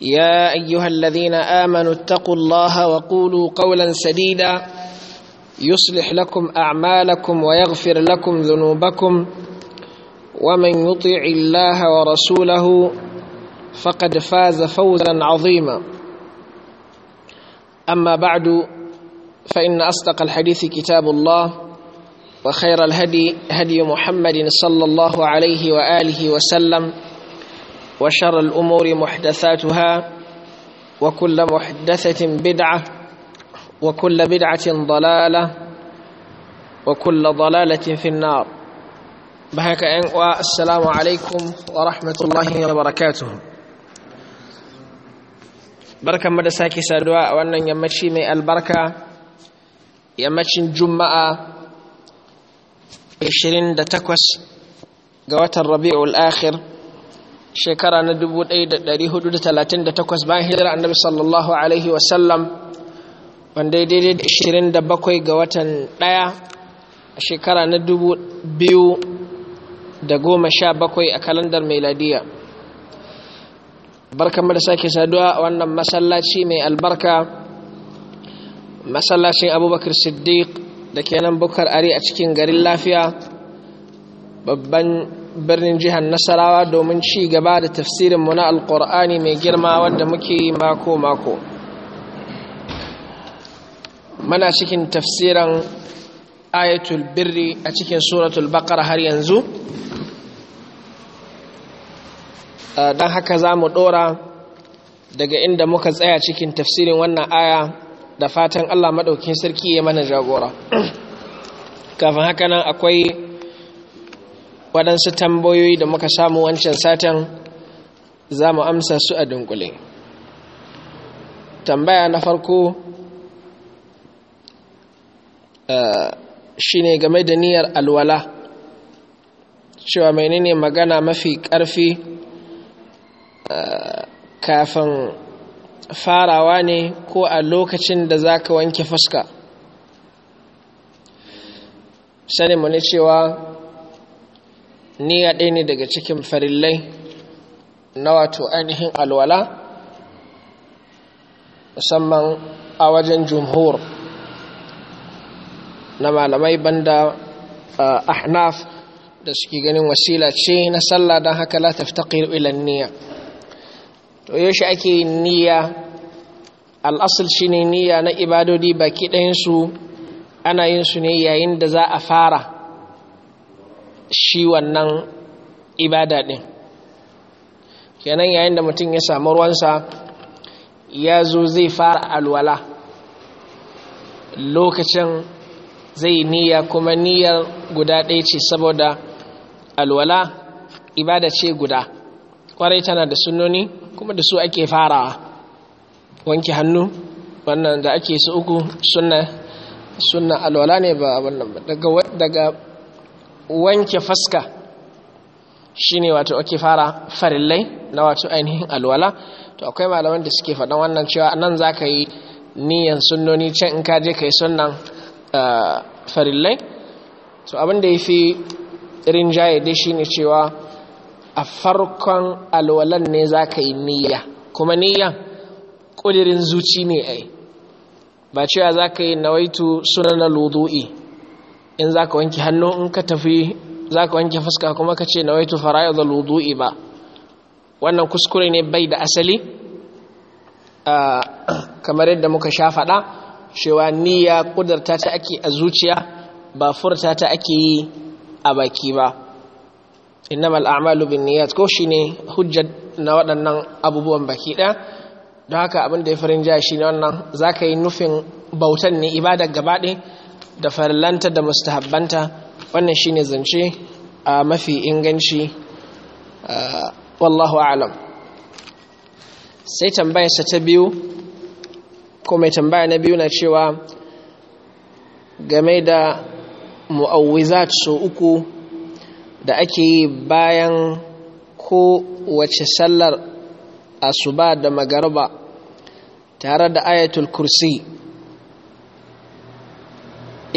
يا ايها الذين امنوا اتقوا الله وقولوا قولا سديدا يصلح لكم اعمالكم ويغفر لكم ذنوبكم ومن يطع الله ورسوله فقد فاز فوزا عظيما اما بعد فان اصدق الحديث كتاب الله وخير الهدي هدي محمد صلى الله عليه واله وسلم وشر الأمور محدثاتها وكل محدثة بدعة وكل بدعة ضلالة وكل ضلالة في النار بهك السلام عليكم ورحمة الله وبركاته بركة مدساك سادواء وأن يمشي من البركة يمشي جمعة عشرين دتكوس قوات الربيع الآخر shekara na 1438 bayan hijira annabi sallallahu alaihi wasallam wanda daidai da 27 ga watan ɗaya a shekara na 2017 a kalandar meladiya barkan da sake saduwa a wannan masallaci mai albarka masallacin abubakar siddiq da kenan bukar ari a cikin garin lafiya babban birnin jihar nasarawa domin ci gaba da tafsirin mu na alkur'ani mai girma wanda muke mako-mako Muna cikin tafsirin ayatul birri a cikin suratul bakar har yanzu don haka za mu dora daga inda muka tsaya cikin tafsirin wannan aya da fatan allah maɗaukin sarki ya mana jagora kafin haka nan akwai waɗansu tambayoyi da muka samu wancan satan za mu amsa su a dunkule tambaya na farko eh, shi ne game da niyyar alwala cewa menene magana mafi ƙarfi eh, kafin farawa ne ko a lokacin da za ka wanke fuska sanin mu ne cewa niyya ɗaya ne daga cikin farillai na wato ainihin alwala musamman a wajen jumhur na malamai banda ahnaf da suke ganin wasila ce na sallah don haka la taftaqir ila niyya to yaushe ake yin niyya al'asul shine niyya na ibadodi baki ɗayansu ana yin su ne yayin da za a fara shi wannan ibada ɗin kenan yayin da mutum ya samu ruwansa ya zo zai fara alwala lokacin zai niyya kuma niyyar guda ɗaya ce saboda alwala ibada ce guda kwarai tana da sunoni kuma da su ake farawa wanke hannu wannan da ake su uku sunna alwala ne ba wannan daga wanke shi ne wato ake fara farillai na wato ainihin alwala to akwai malaman da suke faɗan wannan cewa nan za ka yi niyan sunnoni can in ka je ka yi sunnan eh, farillai to abin da ya fi rinjaye dai ne cewa a farkon alwalan ne za ka yi niyya kuma niyyan ƙudirin zuci ne ai ba cewa za ka yi nawaitu sunan alwudu'i in za ka wanke hannu in ka tafi za ka wanke fuska kuma ka ce na nawaitu da ludu'i ba wannan kuskure ne bai da asali ah, kamar yadda muka sha faɗa cewa niyya ƙudurta ta ake a zuciya ba furta ta ake yi a baki ba innamal a'malu bin niyyat ko shi ne hujjar na waɗannan abubuwan baki ɗaya don haka abin da ya farin jaya ne wannan zaka yi nufin bautan ne ibadar gabaɗaya da farallanta da mustahabbanta wannan shine zance a mafi inganci wallahu alam sai tambayarsa ta biyu ko mai tambaya na biyu na cewa game da mu'awwizat so uku da ake yi bayan ko wace sallar asuba da magarba tare da ayatul kursi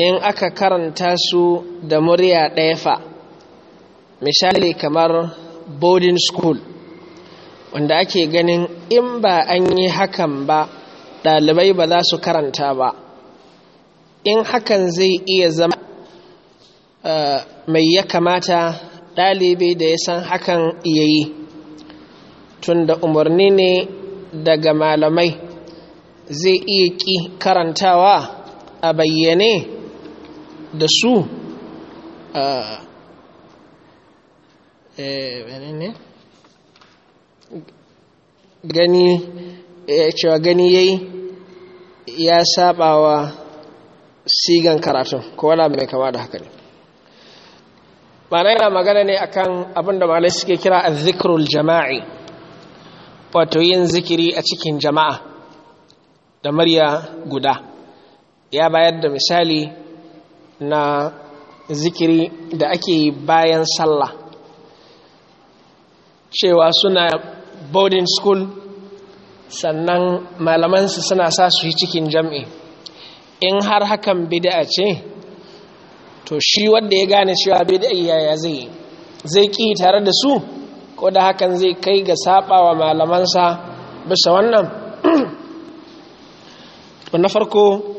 in aka karanta su da murya ɗaya fa misali kamar boarding school wanda ake ganin in ba an yi hakan ba ɗalibai ba za su karanta ba in hakan zai iya zama eh, mai ya kamata ɗalibi da ya san hakan iya yi tun da umarni ne daga malamai zai iya ƙi karantawa a bayyane da su a e, ne gani e, cewa gani yayi ya sabawa sigan karatun ko wala mai kama da haka ne ma'ana yana magana ne akan abinda malai suke kira a zikirul jama'i wato yin zikiri a cikin jama'a da murya guda ya bayar da misali na zikiri da ake yi bayan sallah cewa suna boarding school sannan malamansu suna sa su yi cikin jam'i in har hakan bida ce to shi wadda ya gane cewa bida yaya zai zai ƙi tare da su ko da hakan zai kai ga wa malamansa bisa wannan na farko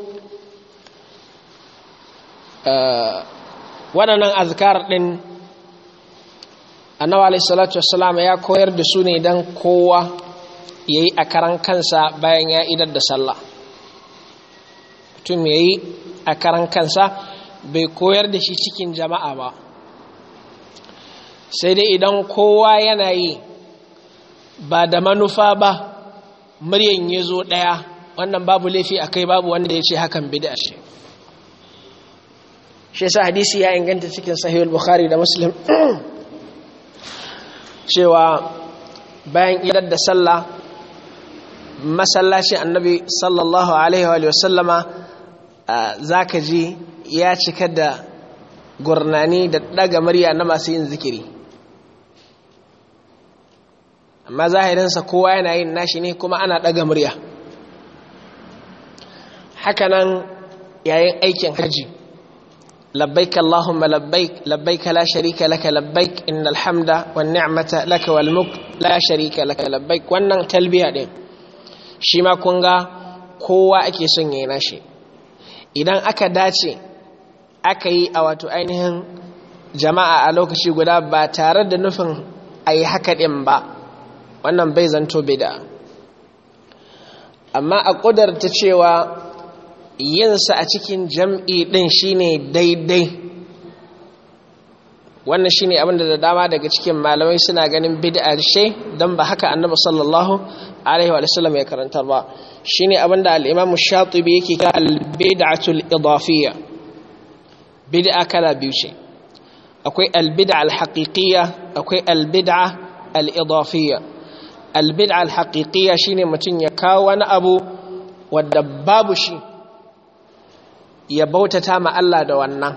Eh, waɗannan azkar ɗin annawa alaihissalatu wassalam ya koyar da su ne don kowa ya yi a karan kansa bayan ya idar da sallah mutum ya yi a karan kansa bai koyar da shi cikin jama'a ba sai dai idan kowa yana yi ba da manufa ba muryan ya zo ɗaya wannan babu laifi a kai babu wanda ya ce hakan bida shi shi yasa hadisi ya inganta cikin sahih al-bukhari da muslim cewa bayan idar da sallah masallacin annabi sallallahu alaihi wa sallama zaka ji ya cika da gurnani da daga murya na masu yin zikiri amma zahirinsa kowa yana yin nashi ne kuma ana daga murya hakanan yayin aikin hajji لبيك اللهم لبيك لبيك لا شريك لك لبيك إن الحمد والنعمة لك والملك لا شريك لك لبيك wannan talbiya din shi ma kun ga kowa ake son yayin shi idan aka dace aka yi a wato ainihin jama'a a lokaci guda ba tare da nufin a yi haka din ba wannan bai zanto bida amma a ƙudarta cewa yinsa a cikin jam'i ɗin shine daidai wannan shine abin da dama daga cikin malamai suna ganin bid'a ce don ba haka annabi sallallahu alaihi wa sallam ya karantar ba shine abin da al-imam yake kira albid'atul bidatul bid'a kala biyu ce akwai albid'a bida akwai albid'a bida al-idafiyya shine mutum ya kawo wani abu wadda babu shi ya bautata ma Allah da wannan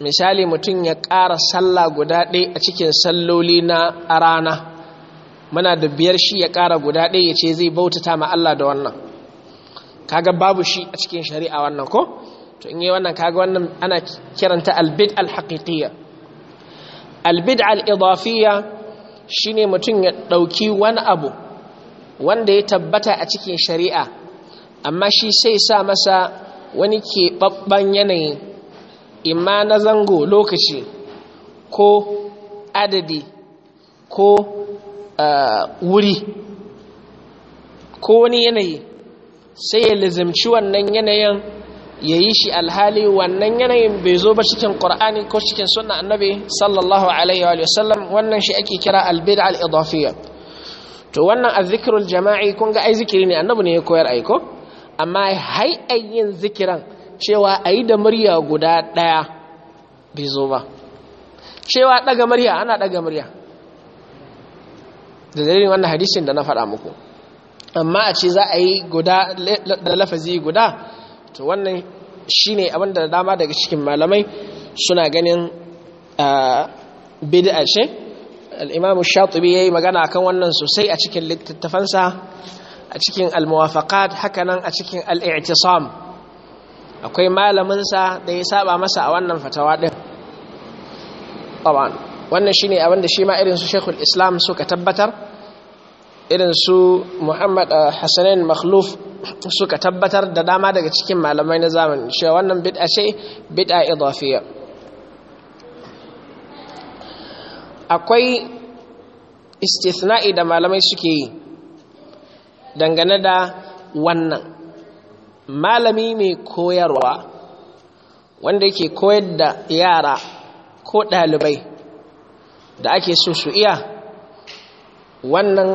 misali mutum ya ƙara sallah guda ɗaya a cikin salloli na a rana muna da biyar shi ya ƙara guda ɗaya ya ce zai bautata ma Allah da wannan kaga babu shi a cikin shari'a wannan ko to in yi wannan kaga wannan ana kiranta albid alhaqiqiyya albid al'idafiyya shine mutum ya ɗauki wani abu wanda ya tabbata a cikin shari'a amma shi sai sa masa wani keɓaɓɓen yanayi imma na zango lokaci ko adadi ko eh, wuri ko wani yanayi sai ya lizimci wannan yanayin ya yi shi alhali wannan yanayin bai zo ba cikin ƙor'ani ko cikin suna annabi sallallahu alaihi wa sallam wannan shi ake kira albid al'idafiyar to wannan azikirul jama'i kunga ga ai zikiri ne annabi ne ya koyar aiko amma hai'an yin zikiran cewa ayi da murya guda ɗaya bai zo ba cewa ɗaga murya ana ɗaga murya da dalilin wannan hadisin da na faɗa muku amma a ce za a yi da lafazi guda to wannan shine abin da dama daga cikin malamai suna ganin bid'a ce al-imamu shatibi yayi magana akan wannan sosai a cikin littattafansa a cikin almuwafaqat hakanan a cikin al'i'tisam akwai malaminsa da ya saba masa a wannan fatawa ɗin taban wannan shine abin shi ma irin su Sheikhul Islam suka tabbatar irin su Muhammad eh, Hassanin Makhluf suka tabbatar da dama daga cikin malamai na zamani cewa wannan bid'a ce bid'a idafiyya akwai istithna'i da malamai suke yi dangane da wannan malami mai koyarwa wanda yake koyar da yara ko ɗalibai da ake so su iya wannan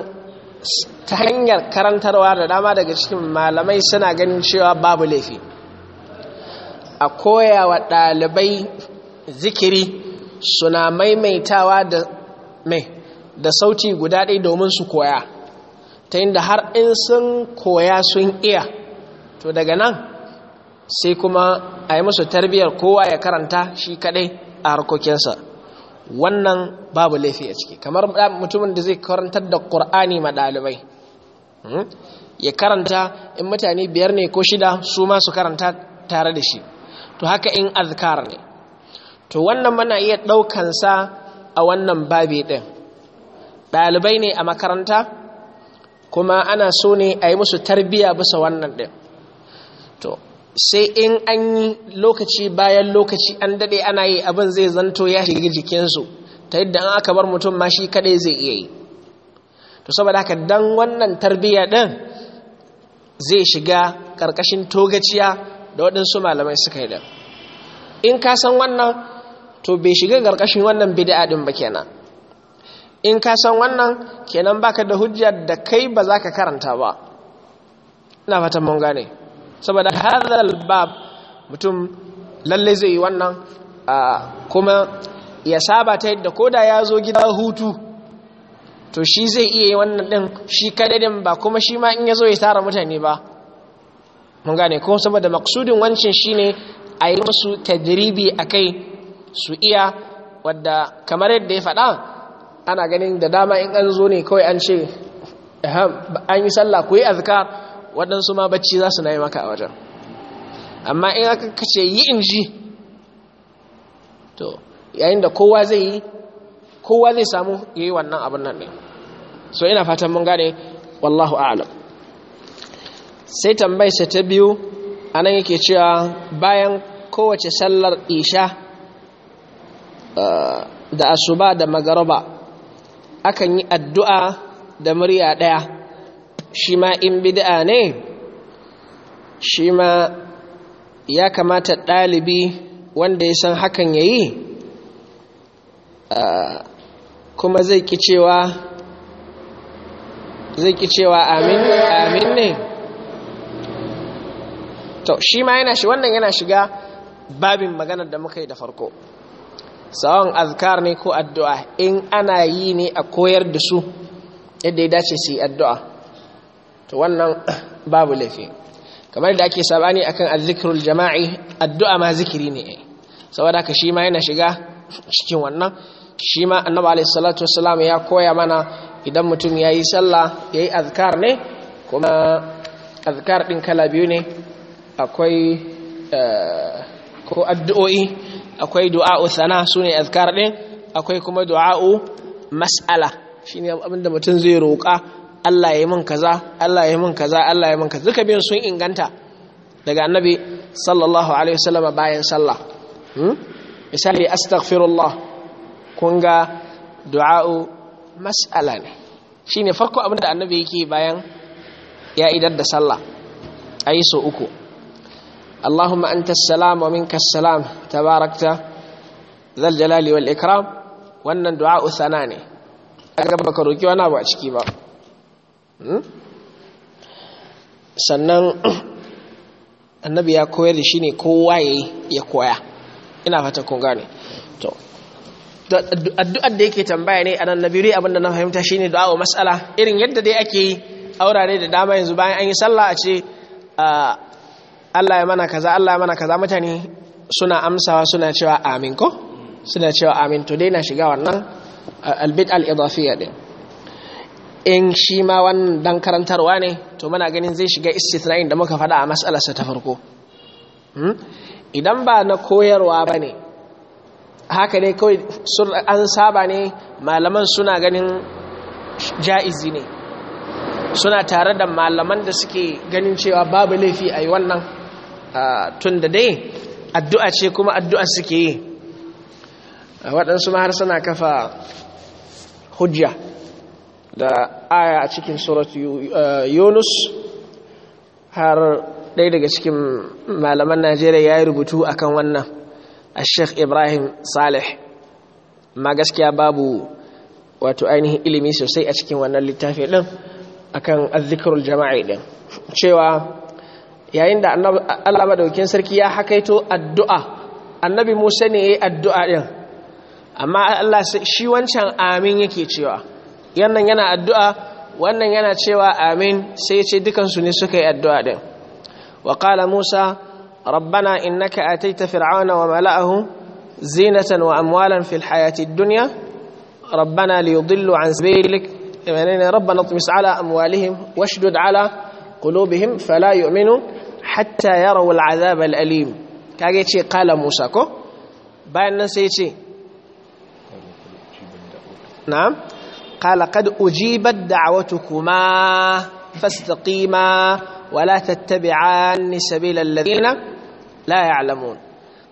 ta hanyar karantarwa da dama daga cikin malamai suna ganin cewa babu laifi a koyawa ɗalibai zikiri suna maimaitawa da mai da sauti guda ɗaya domin su koya ta inda har in sun koya sun iya to daga nan sai kuma a yi musu tarbiyyar kowa ya karanta shi kadai a harkokinsa wannan babu laifi a ciki kamar mutumin da zai karantar da ƙur'ani ma ɗalibai hmm? ya karanta in mutane biyar ne ko shida su ma su karanta tare da shi to haka in azkar ne to wannan mana iya ɗaukansa a wannan babi ɗin ɗalibai ne a makaranta kuma ana so ne a yi musu tarbiya bisa wannan ɗin to sai in an yi lokaci bayan lokaci an daɗe ana yi abin zai zanto ya shiga jikinsu ta yadda an aka bar mutum ma shi kaɗai zai iya yi to saboda haka dan wannan tarbiya ɗin zai shiga ƙarƙashin togaciya da waɗansu malamai suka yi ɗin in ka san wannan to bai shiga ƙarƙashin wannan bida'a ɗin ba kenan in ka san wannan kenan baka da hujjar da kai ba za ka karanta ba ina fatan mun gane saboda hadal bab mutum lalle zai yi wannan kuma ya saba ta yadda ko da ya zo gida hutu to shi zai iya yi wannan din shi kadadin ba kuma shi ma in ya zo ya tara mutane ba mun gane kuma saboda maksudin wancin shine a yi musu tadribi a kai su iya wadda kamar yadda ya faɗa ana ganin da dama in an zo ne kawai an ce an yi sallah ku yi azkar waɗansu ma bacci za su na yi maka a wajen amma in aka kace yi in ji to yayin da kowa zai yi kowa zai samu ya yi wannan abin nan ne. so ina fatan mun gane wallahu a'lam sai sai ta biyu a nan yake cewa bayan kowace sallar isha eh, da asuba da magaraba akan yi addu'a da murya ɗaya shi ma in bid'a ne shi ma ya kamata ɗalibi wanda ya san hakan ya yi kuma zai ki cewa zai ki cewa amin amin ne to shi ma yana shi wannan yana shiga babin maganar da muka yi da farko sawon azkar ne ko addu'a in ana yi ne a koyar da su yadda ya dace su yi addu'a to wannan babu laifi kamar da ake sabani akan azikirul jama'i addu'a ma zikiri ne saboda haka shi ma yana shiga cikin wannan shi ma annaba alayhi salatu ya koya mana idan mutum ya yi sallah ya yi azkar ne kuma azkar ɗin kala biyu ne akwai eh, ko addu'o'i akwai du'a'u sana sune azkar din akwai kuma du'a'u mas'ala shine abinda mutum zai roƙa Allah ya yi min kaza Allah ya yi min kaza Allah ya yi min kaza duka biyun sun inganta daga annabi sallallahu alaihi wasallam bayan sallah hmm? misali astaghfirullah kun ga du'a'u mas'ala ne shine farko abin da annabi yake bayan ya idar da sallah ayi so uku اللهم أنت السلام ومنك السلام تباركت ذا الجلال والإكرام وأن الدعاء ثناني أقبك روكي وأنا بأشكي با sannan annabi ya koyar da shi ne kowa ya koya ina da yake tambaya ne a nan nabiru abinda na fahimta shine du'a wa mas'ala irin yadda dai ake aurare da dama yanzu bayan an yi sallah a ce Allah ya mana kaza Allah ya mana kaza mutane suna amsawa suna cewa amin ko suna cewa amin to dai na shiga wannan albid al-idafiyya din in shi ma wannan dan karantarwa ne to muna ganin zai shiga istithna'in da muka faɗa a sa ta farko hmm? idan ba na koyarwa bane haka ne kawai an saba ne malaman suna ganin ja'izi ne suna tare da malaman da suke ganin cewa babu laifi a yi wannan tun da dai addu'a ce kuma addu'a suke yi waɗansu ma har suna kafa hujja da aya a cikin surat yunus har ɗaya daga cikin malaman najeriya ya yi rubutu akan wannan a sheikh ibrahim saleh ma gaskiya babu wato ainihin ilimi sosai a cikin wannan littafi ɗin akan azikarul jama'a ɗin cewa yayin da Allah madaukin sarki ya hakaito addu'a annabi Musa ne yayin addu'a din amma Allah shi wancan amin yake cewa yannan yana addu'a wannan yana cewa amin sai ya ce dukan su ne suka yi addu'a din wa qala Musa rabbana innaka ataita fir'auna wa mala'ahu zinatan wa amwalan fil hayati dunya rabbana liyudillu an sabilik rabbana tumis ala amwalihim washdud ala qulubihim fala yu'minu hatta yarawu al'azab al'alim kage yace qala Musa ko bayan nan sai yace na'am qala qad ujibat ولا تتبعان سبيل الذين لا يعلمون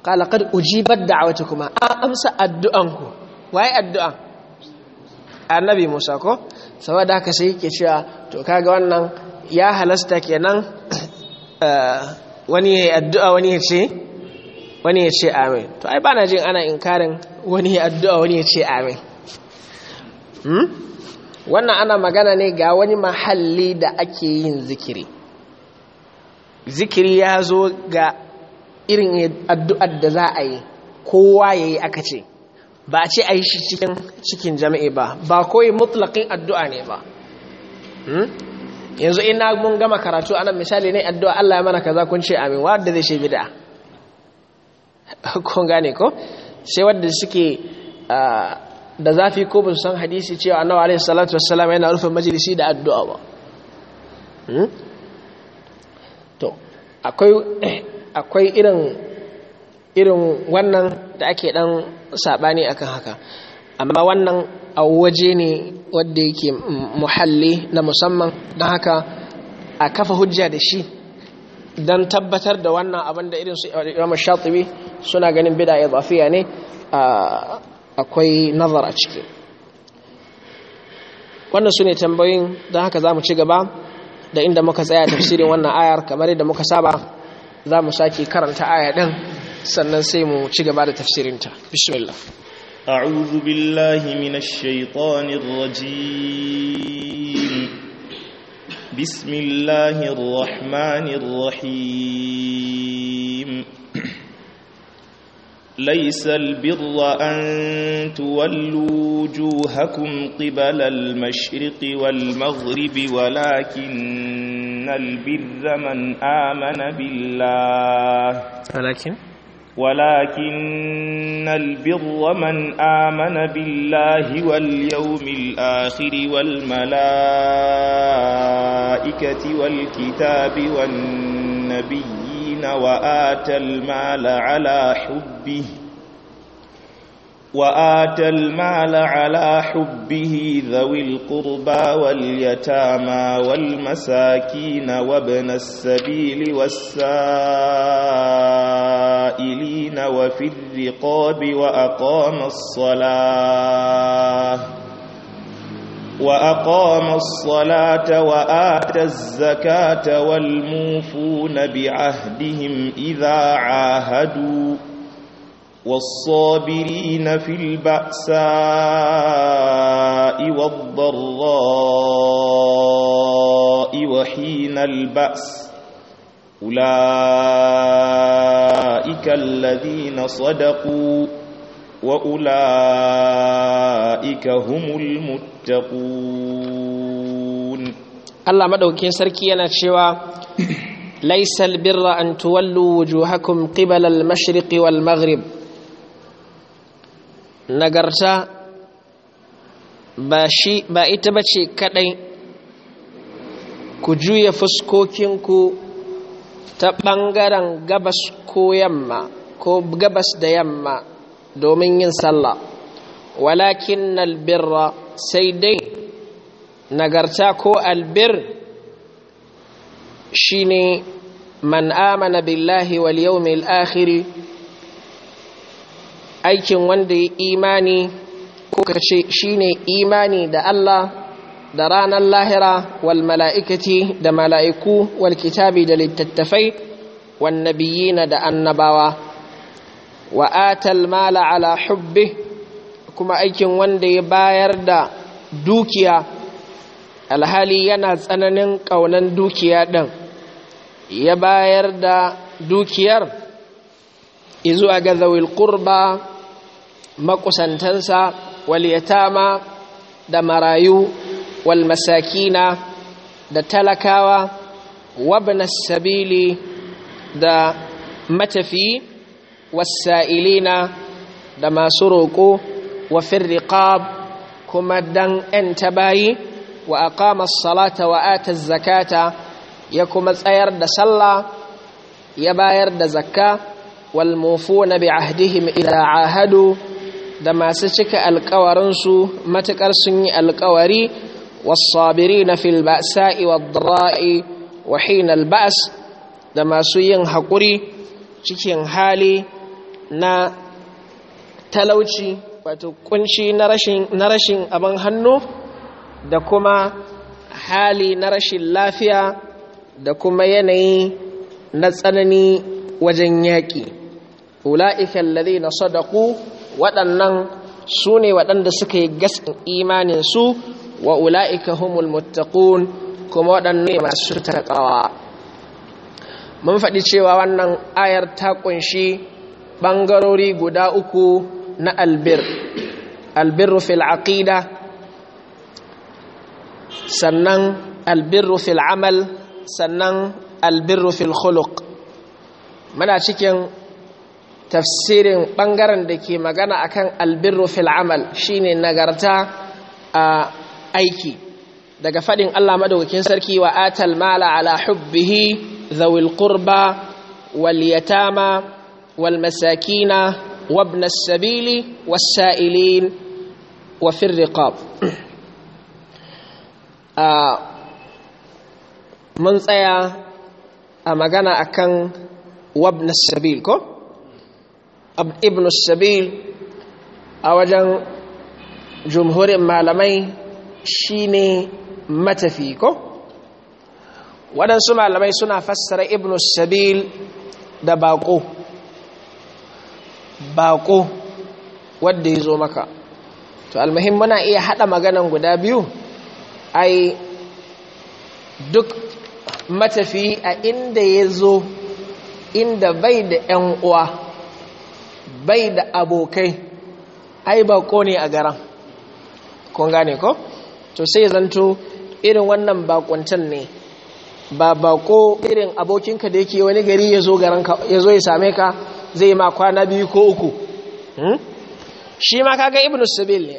قال قد أجيبت دعوتكما أمس أدعانكو واي أدعان النبي موسى كو سواء داك سيكي شاء تو كاغوانا ya halasta kenan eh, wani ya addu'a wani ya ce wani ya ce amin to ai ba na jin ana inkarin wani ya addu'a wani ya ce amin hmm? wannan ana magana ne ga wani mahalli da ake yin zikiri zikiri ya zo ga irin addu'ar da za a yi kowa ya yi aka ce ba a ce a yi shi cikin jami'i ba ba koyi mutlaƙin addu'a ne ba hmm? yanzu ina mun gama karatu anan misali ne addu'a Allah ya mana kaza kun ce amin wanda zai she bid'a kun gane ko sai wanda suke da zafi ko bin san hadisi cewa nawa alayhi salatu wassalam yana rufe majalisi da addu'a ba hmm? to akwai akwai irin irin wannan da ake dan sabani akan haka amma wannan a waje ne wadda yake muhalli na musamman don haka a kafa hujja da shi don tabbatar da wannan abin da irin su imam shatibi suna ganin bida ya zafiya ne akwai nazar a ciki wannan su ne tambayin don haka za mu ci gaba da inda muka tsaya tafsirin wannan ayar kamar yadda muka saba za mu sake karanta aya din sannan sai mu ci gaba da tafsirinta bismillah أعوذ بالله من الشيطان الرجيم بسم الله الرحمن الرحيم ليس البر أن تولوا وجوهكم قبل المشرق والمغرب ولكن البر من آمن بالله ولكن ولكن البر من آمن بالله واليوم الآخر والملائكة والكتاب والنبيين وآتى المال على حبه وآت المال على حبه ذوي القربى واليتامى والمساكين وابن السبيل والسائل السائلين وفي الرقاب وأقام الصلاة وأقام الصلاة وآتى الزكاة والموفون بعهدهم إذا عاهدوا والصابرين في البأساء والضراء وحين البأس أولئك ika ladina sadaku wa ula ika humul muttaqun Allah madaukakin sarki yana cewa laisa albirra an tuwallu wujuhakum qibala almashriqi walmaghrib nagarta ba shi ba ita bace kaɗai ku juya fuskokinku ta ɓangaren gabas ko yamma ko gabas da yamma domin yin sallah walakin albirra sai dai nagarta ko albir shine man amana billahi wal yawmil akhiri aikin wanda ya imani ko kace shine imani da Allah da ranar lahira wal mala'ikati da mala'iku wal kitabi da littattafai wan nabiyina da annabawa wa atal mala ala hubbi kuma aikin wanda ya bayar da dukiya alhali yana tsananin ƙaunan dukiya ɗin ya bayar da dukiyar izuwa ga zawil ƙurba makusantansa waliyatama da marayu walmasakina da talakawa wabna sabili da matafi wasa'ilina da masu roƙo wa firriqab kuma dan ‘yan tabayi wa aqama salata wa ata zakata ya kuma tsayar da sallah ya bayar da zakka wal na bi ahdihim idza ahadu da masu cika alkawarinsu matuƙar sun yi alkawari والصابرين في البأساء والضراء وحين البأس da masu yin haƙuri cikin hali na talauci wato na rashin abin hannu da kuma hali na rashin lafiya da kuma yanayi na tsanani wajen yaƙi ula'ikan na sadaku waɗannan su ne waɗanda suka yi gaskin imaninsu wa ula'ika humul muttaqun kuma waɗannan masu takawa mun faɗi cewa wannan ayar ta ƙunshi ɓangarori guda uku na albir albir fil aqida sannan albir fil amal sannan albir fil khuluq muna cikin tafsirin ɓangaren da ke magana akan albir fil amal shine nagarta a aiki daga fadin Allah madaukakin sarki wa atal mala ala hubbihi zawil qurba wal yatama wal masakina wabna sabili was-sa'ilin wa fir riqab ah, mun tsaya a magana akan wabna sabil ko ibn sabil a wajen jumhurin malamai Shi ne matafi ko waɗansu malamai suna fassara ibn sabil da baƙo baƙo wadda ya zo maka to almahim muna iya haɗa maganan guda biyu ai duk matafi a inda ya zo inda bai da ‘yan uwa bai da abokai ai baƙo ne a garan kun gane ko? to sai zanto irin wannan bakuntan ne ba bako irin abokinka da yake wani gari ya zo ya same ka zai ma kwana biyu ko uku hmm? shi ma kaga ibn sabil ne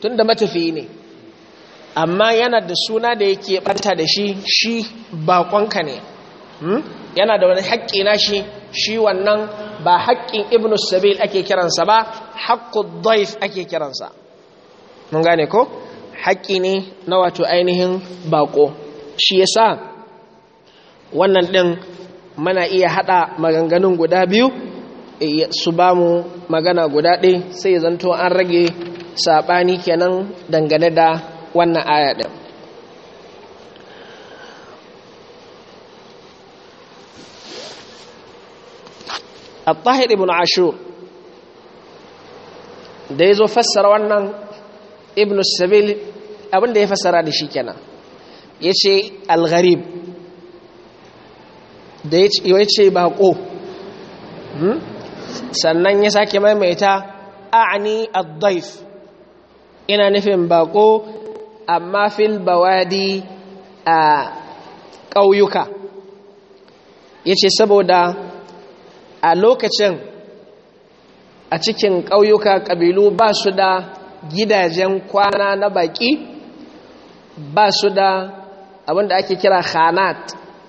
tun da matafi ne amma yana da suna da yake bata da shi shi bakonka ne hmm? yana da wani haƙƙi na shi shi wannan ba haƙƙin ibn sabil ake kiransa ba haƙƙu daif ake kiransa mun gane ko haƙƙi ne na wato ainihin bako shi ya sa wannan ɗin mana iya haɗa maganganun guda biyu eh, su ba mu magana guda ɗaya sai zanto an rage saɓani kenan dangane da wannan aya ɗin tahir ibnu عاشور da ya zo fassara wannan ibn sabil abinda ya fassara da shi kenan ya ce algharib da ya ce bako hmm? sannan ya sake maimaita a'ani addaif ina nufin bako amma fil bawadi a ƙauyuka ya ce saboda a lokacin a cikin ƙauyuka ƙabilu ba su da gidajen kwana na baƙi ba su da abinda ake kira khanat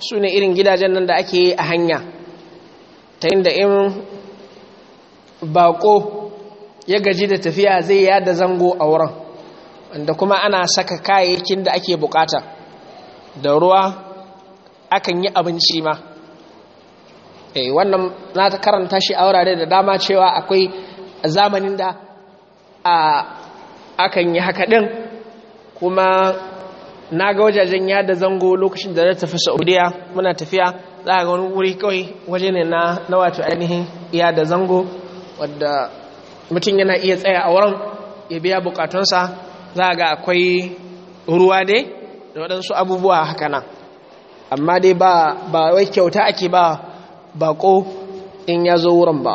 su ne irin gidajen nan da ake yi a hanya ta yin da in bako ya gaji da tafiya zai yada zango a wurin wanda kuma ana saka kayayyakin da ake bukata da ruwa akan yi abinci ma eh wannan na ta karanta shi a wurare da dama cewa akwai zamanin da a akan yi haka din kuma na ga wajajen yada zango lokacin da na tafi saudiya muna tafiya za a ga wani wuri kawai waje ne na na wato ainihin yada zango wadda mutum yana iya tsaya a wurin ya biya bukatunsa za a ga akwai ruwa dai da waɗansu abubuwa haka nan amma dai ba ba wai kyauta ake ba bako in ya zo wurin ba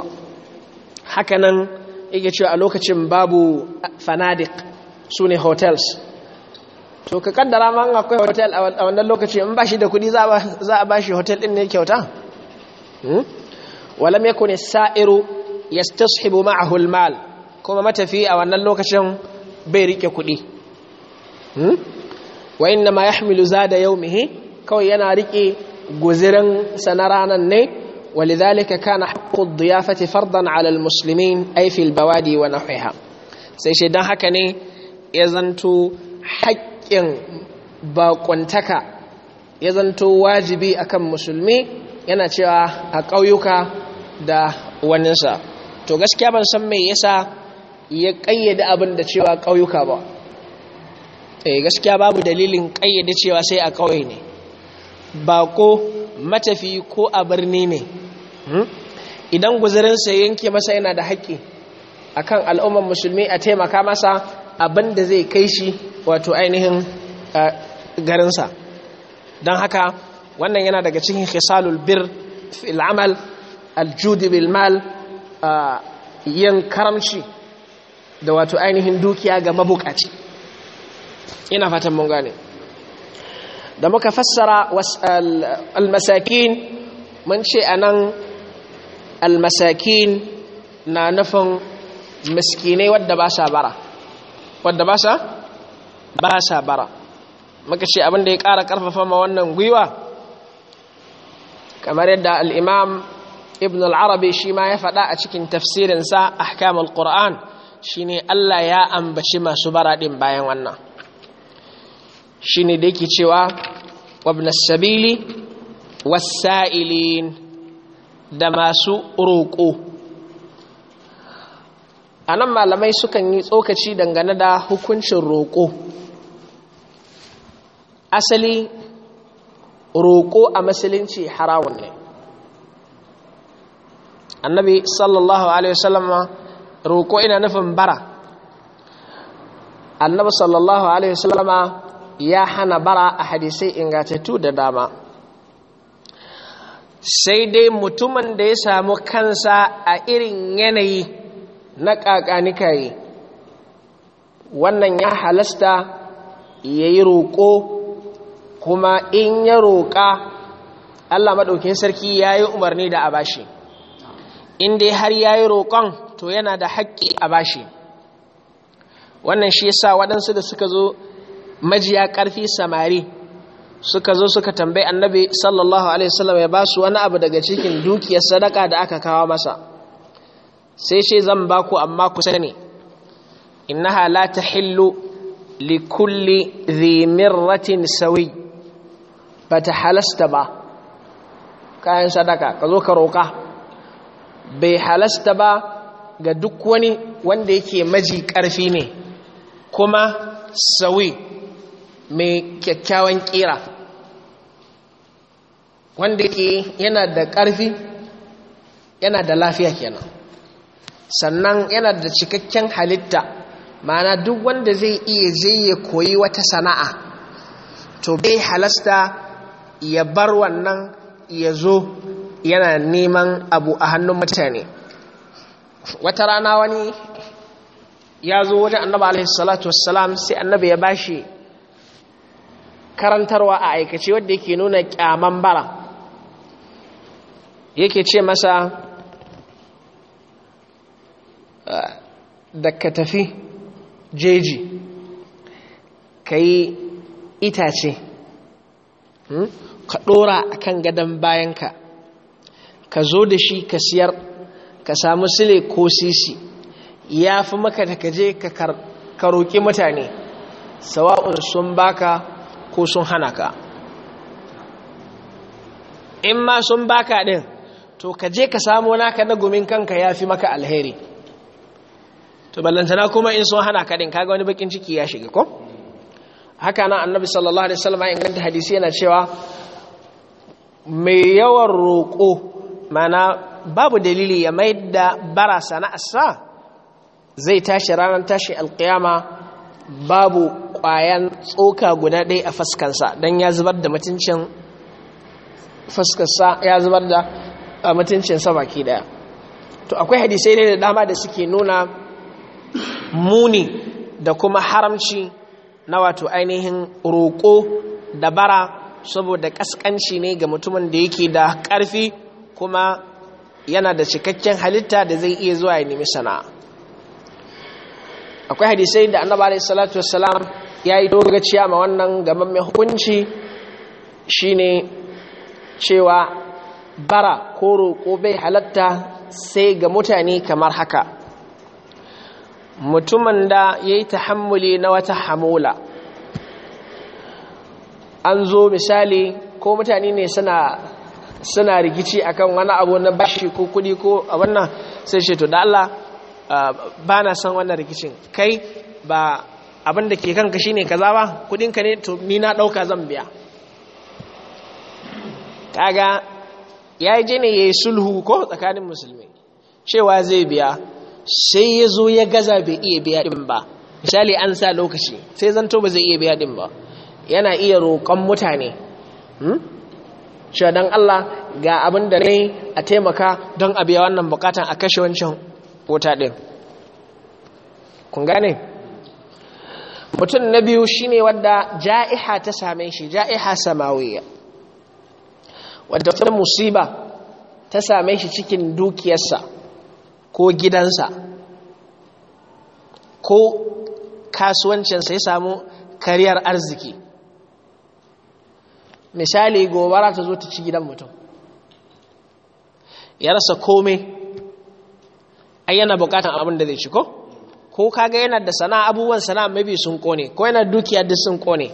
haka nan yake cewa a lokacin babu fanadik su ne hotels to ka kaddara ma an akwai hotel a wannan lokaci in ba shi da kudi za a ba shi hotel din ne kyauta hmm? walam yakun as-sa'iru yastashibu ma'ahu a hulmal kuma matafi a wannan lokacin bai rike kudi hmm? wa inna ma yahmilu zada yawmihi kawai yana rike guzirin na ranan ne ولذلك كان حق الضيافة فرضا على المسلمين أي في البوادي ونحوها سيشي haka ne ya zanto حق haƙƙin baƙuntaka ya zanto wajibi akan musulmi yana cewa a ƙauyuka da waninsa to gaskiya ban san mai yasa ya ƙayyade abin da cewa ƙauyuka ba eh gaskiya babu dalilin ƙayyade cewa sai a ƙauye ne baƙo matafi ko a birni ne hmm? idan guzurinsa yanke masa yana da haƙƙi akan al'ummar musulmi a taimaka masa abin da zai kai shi wato ainihin garinsa don haka wannan yana daga cikin hisalul bir fil amal aljudi mal yin karamci da wato ainihin dukiya ga mabukaci ina fatan mun gane da muka fassara almasakin mun ce anan almasakin na nufin miskinai wadda ba sa bara wadda ba sa bara maka ce abinda ya ƙara ƙarfafa ma wannan gwiwa kamar yadda al'imam ibn al'arabi shi ma ya faɗa a cikin tafsirinsa ahkamul ƙura'an shi ne allah ya ambaci masu bara ɗin bayan wannan shi ne da yake cewa wabnas sabili wasa'ilin da masu roƙo a nan malamai sukan yi tsokaci dangane da hukuncin roƙo asali roƙo a musulunci harawun ne annabi sallallahu alaihi wasallama roƙo ina nufin bara annabi sallallahu alaihi wasallama ya hana bara a hadisai ingatattu da dama sai dai mutumin da ya samu kansa a irin yanayi na ƙaƙanikaye wannan ya halasta ya yi roƙo kuma in ya roƙa Allah maɗaukin sarki ya yi umarni da a bashi in dai har ya yi roƙon to yana da haƙƙi a bashi wannan shi yasa waɗansu da suka zo majiya ƙarfi samari suka zo suka tambayi annabi sallallahu alaihi wasallam ya ba su wani abu daga cikin dukiyar sadaka da aka kawo masa sai shi zan ba ku amma ku sani innaha la tahillu li kulli dhi mirratin sawi bata halasta ba kayan sadaka ka zo ka roka bai halasta ba ga duk wani wanda yake maji karfi ne kuma sawi mai kyakkyawan kira wanda yake yana da karfi yana da lafiya kenan sannan yana da cikakken halitta ma'ana duk wanda zai iya zai ya koyi wata sana'a to bai halasta ya bar wannan ya zo yana neman abu a hannun mutane wata rana wani ya zo wajen annaba alaihissalatu wassalam sai annaba ya bashi karantarwa a aikace wadda yake nuna kyaman bara yake ce masa da ka tafi jeji ka yi itace hmm? ka ɗora a kan gadon bayanka ka zo da shi ka siyar ka samu sile ko sisi ya fi maka da ka je ka roƙi mutane sawa'un sun baka ko sun hana ka in ma sun baka ɗin to ka je ka samu naka na gumin kanka ya fi maka alheri to ballantana kuma in sun hana kaɗin kaga wani bakin ciki ya shiga ko haka nan annabi sallallahu alaihi wasallam ya inganta hadisi yana cewa mai yawan roƙo mana babu dalili ya mai da bara sana'arsa zai tashi ranar tashi alkiyama babu ƙwayan tsoka guda ɗaya a fuskansa don ya zubar da mutuncin fuskarsa ya zubar da mutuncinsa baki ɗaya to akwai hadisai ne da dama da suke nuna muni da kuma haramci na wato ainihin roƙo da bara saboda ƙasƙanci ne ga mutumin da yake da ƙarfi kuma yana da cikakken halitta da zai iya zuwa ya nemi sana'a akwai hadisai da annaba alayhi salatu wassalam ya yi dogaciya ma wannan gaban mai hukunci shine cewa bara ko roƙo bai halatta sai ga mutane kamar haka mutumin da ya yi tahammuli na wata hamula an zo misali ko mutane ne suna suna rikici akan wani abu na bashi ko kudi ko a wannan sai ce to da Allah ba na san wannan rikicin kai ba abin da ke kanka shine kaza ba kudinka ne to ni na dauka zan biya kaga ya jini ne yayi sulhu ko tsakanin musulmi cewa zai biya sai ya zo ya gaza bai iya biya ɗin ba misali an sa lokaci sai zanto ba zai iya biya din ba yana iya roƙon mutane shaɗan hmm? Allah ga abin da ne a taimaka don a biya wannan bukatan a kashe wancan wuta ɗin kun gane mutum na biyu shine wadda ja'iha ta same shi ja'iha samawiya wadda ta musiba ta same shi cikin dukiyarsa ko gidansa ko kasuwancinsa ya samu kariyar arziki misali gobara ta zo ta ci gidan mutum ya rasa komai ai yana bukatan abin da zai ci ko? ko kaga yana da sana'a abubuwan sana mabi sun kone ko yana dukiya duk sun kone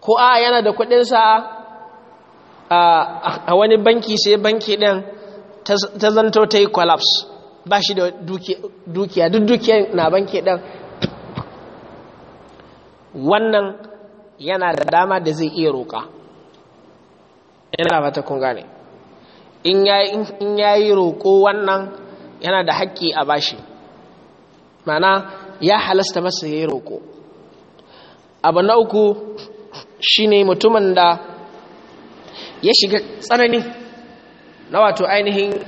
ko a yana da kudinsa a wani banki sai banki din ta zanto ta yi collapse ba shi da dukiya duk dukiya na banke ɗan wannan yana da dama da zai iya roƙa yana ta kun gane in ya yi roƙo wannan yana da haƙƙi a bashi mana ya halasta masa ya yi roƙo abu na uku shi ne mutumin da ya shiga tsanani na wato ainihin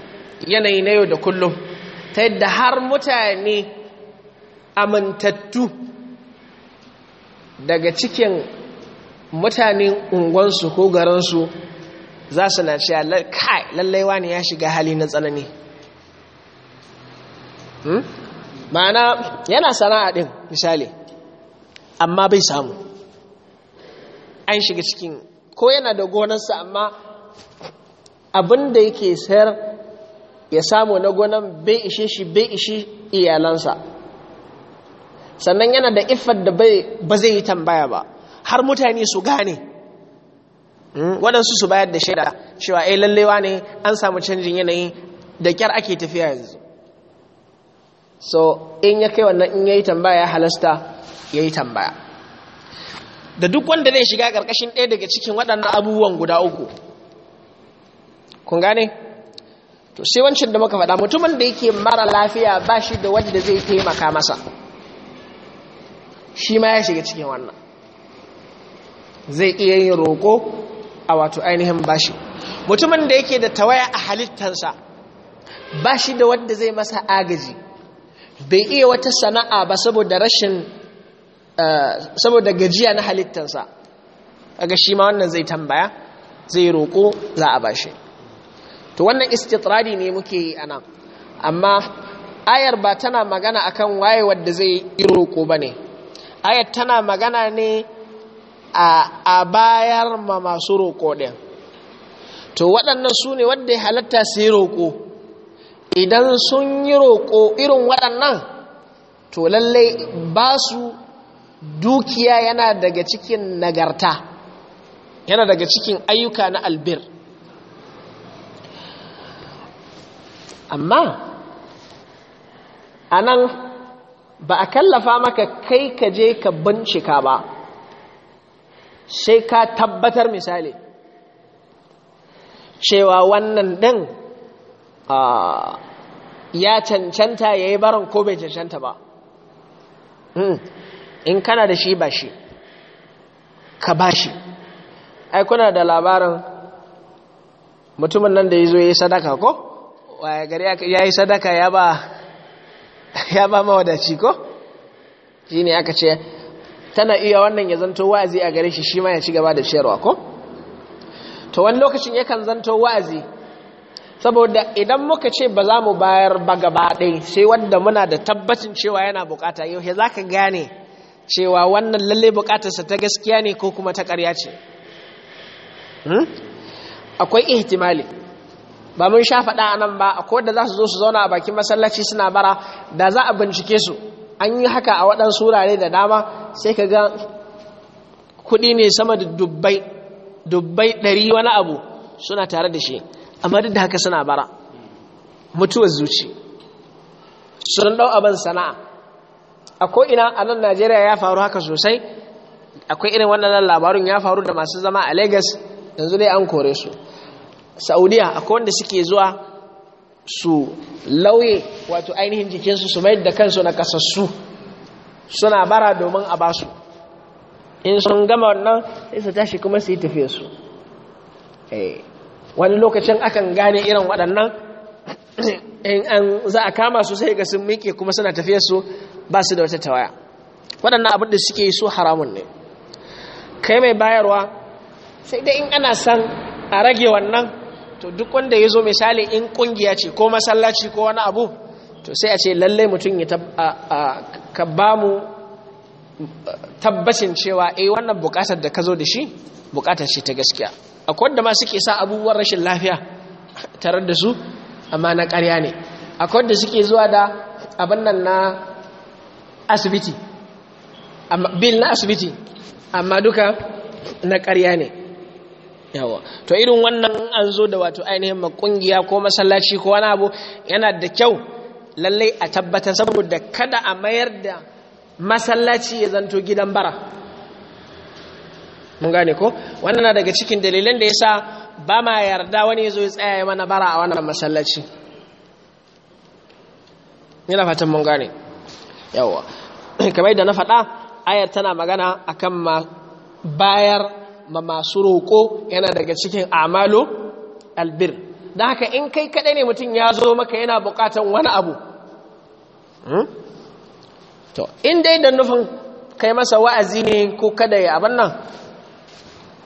yanayi na yau da kullum ta yadda har mutane amintattu daga cikin mutanen unguwansu ko garinsu za su na ce kai lallai wani ya shiga hali na tsanani hmm? ma'ana yana sana'a ɗin misali amma bai samu an shiga cikin ko yana da gonarsa amma abin da yake sayar ya samu na gonan bai ishe shi bai ishe iyalansa sannan yana da iffar da ba zai yi tambaya ba har mutane su gane hmm? waɗansu su bayar da shaida cewa ai eh, lallewa ne an samu canjin yanayi da kyar ake tafiya yanzu so in ya kai wannan in ya yi tambaya ya halasta ya yi tambaya da duk wanda zai shiga ƙarƙashin ɗaya daga cikin waɗannan abubuwan guda uku kun gane to sai wancan da muka faɗa mutumin da yake mara lafiya ba shi da wanda zai taimaka masa shi ma ya shiga cikin wannan zai iya yin roƙo a wato ainihin bashi mutumin da yake da tawaya a halittarsa ba shi da wanda zai masa agaji bai iya wata sana'a ba saboda rashin eh, saboda gajiya na halittarsa aga shi ma wannan zai tambaya zai roƙo za a bashi to wannan istitradi ne muke yi anan amma ayar ba tana magana akan waye wanda zai yi roko bane ayar tana magana ne a bayar ma masu roko din to waɗannan su ne wanda ya halatta su yi roko idan sun yi roƙo irin waɗannan to lallai ba su dukiya yana daga cikin nagarta yana daga cikin ayyuka na albir amma a nan ba a kallafa maka kai ka je ka bincika ba sai ka tabbatar misali cewa wannan ɗin ya cancanta ya yi barin ko bai cancanta ba hmm, in kana da shi ba shi ka ba shi ai kuna da labarin mutumin nan da ya zo ya yi sadaka ko? waya gari ya yi sadaka ya ba mawadaci ko shi ne aka ce tana iya wannan ya zanto wa'azi a gare shi shi ma ya ci gaba da ciyarwa ko to wani lokacin yakan zanto wa'azi saboda idan muka ce ba za mu bayar ba gaba ɗai sai wanda muna da tabbacin cewa yana bukata yau ya za ka gane cewa wannan lalle bukatarsa ta gaskiya ne ko kuma ta ƙarya ce hmm? akwai ihtimali ba mun sha faɗa a nan ba ko da za su zo su zauna a bakin masallaci suna bara da za a bincike su an yi haka a waɗansu wurare da dama sai ka ga kuɗi ne sama da dubbai dubbai ɗari wani abu suna tare da shi amma duk da haka suna bara mutuwar zuci sun ɗau abin sana'a a ko'ina a nan najeriya ya faru haka sosai akwai irin wannan labarun ya faru da masu zama a Legas? yanzu dai an kore su saudiya akwai wanda suke zuwa su lauye wato ainihin jikinsu su mai da kansu na kasassu suna bara domin a basu in sun gama wannan sai su tashi kuma su yi tafiye su eh, wani lokacin akan gane irin waɗannan in an za a kama su sai ga sun miƙe kuma suna tafiya su ba su da wata tawaya waɗannan abin da suke yi su haramun ne kai mai bayarwa sai dai in ana san a rage wannan to duk wanda ya zo misali in kungiya ce ko masallaci ko wani abu to sai a ce lallai mutum ya ka ba mu tabbacin cewa eh wannan bukatar da ka zo da shi bukatar ce ta gaskiya akwai da ma suke sa abubuwan rashin lafiya tare da su amma na karya ne akwai da suke zuwa da abin nan na asibiti bil na asibiti amma duka na karya ne yawa to irin wannan an zo da wato ainihin makungiya ko masallaci ko wani abu yana da kyau lallai a tabbatar saboda kada a mayar da masallaci ya zanto gidan bara mun gane ko wannan na daga cikin dalilan da yasa ba ma yarda wani ya zo ya tsaya mana bara a wannan masallaci ina fatan mun gane yawa kamar da na faɗa ayar tana magana akan ma bayar ma masu roƙo yana daga cikin amalo albir da haka in kai kaɗai ne mutum ya zo maka yana buƙatan wani abu hmm? to in dai da nufin kai masa wa'azi ne ko kada ya abin nan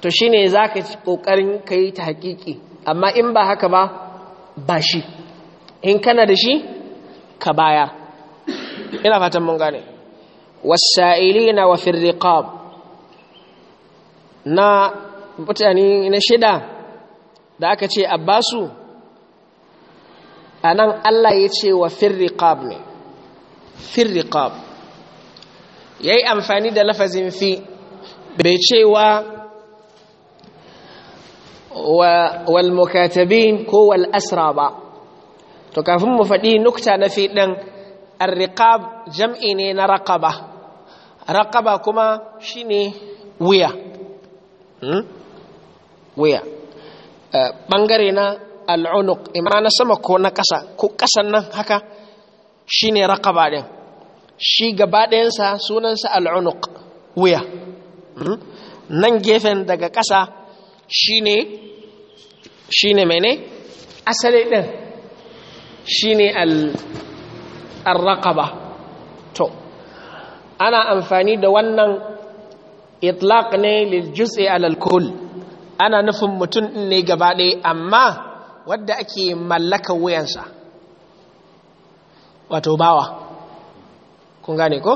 to shi ne za ka ci ƙoƙarin ka yi ta haƙiƙi amma in ba haka ba ba shi in kana da shi ka baya ina fatan mun gane wasa'ili na wafin riƙa na mutane na shida da aka ce abbasu a nan allah ya ce wa firriqab ne firriqab ya yi amfani da lafazin fi bai cewa walmukatabin ko wal asra ba to kafin mu faɗi nukta na fi ɗin arriqab jam'i ne na raƙaba raƙaba kuma shine wuya Hmm? wuya ɓangare eh, na al'unuk imana sama ko na ƙasa ko ƙasan nan haka shi ne raƙaba ɗin shi gaba ɗayansa sunansa al'unuk wuya hmm? nan gefen daga ƙasa shi ne mene asali ɗin shi ne al'arraƙaba to ana amfani da wannan itlaq ne lil juz'i alal kull ana nufin mutum din ne gaba amma wadda ake mallaka wuyansa wato bawa kun gane ko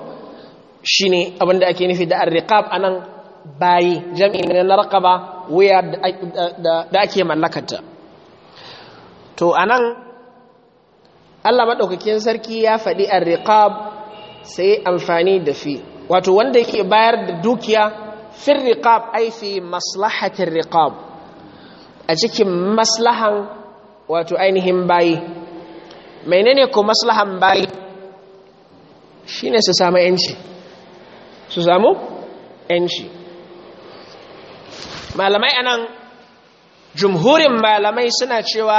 shine abinda ake nufi da arriqab anan bayi jam'i ne na raqaba wuya da ake mallakarta to anan Allah madaukakin sarki ya faɗi arriqab sai amfani da fi wato wanda yake bayar da dukiya fir riqab ay fi maslahatir riqab a cikin maslahan wato ainihin bayi menene ko maslahan bayi shine su samu yanci su samu yanci malamai anan jumhurin malamai suna cewa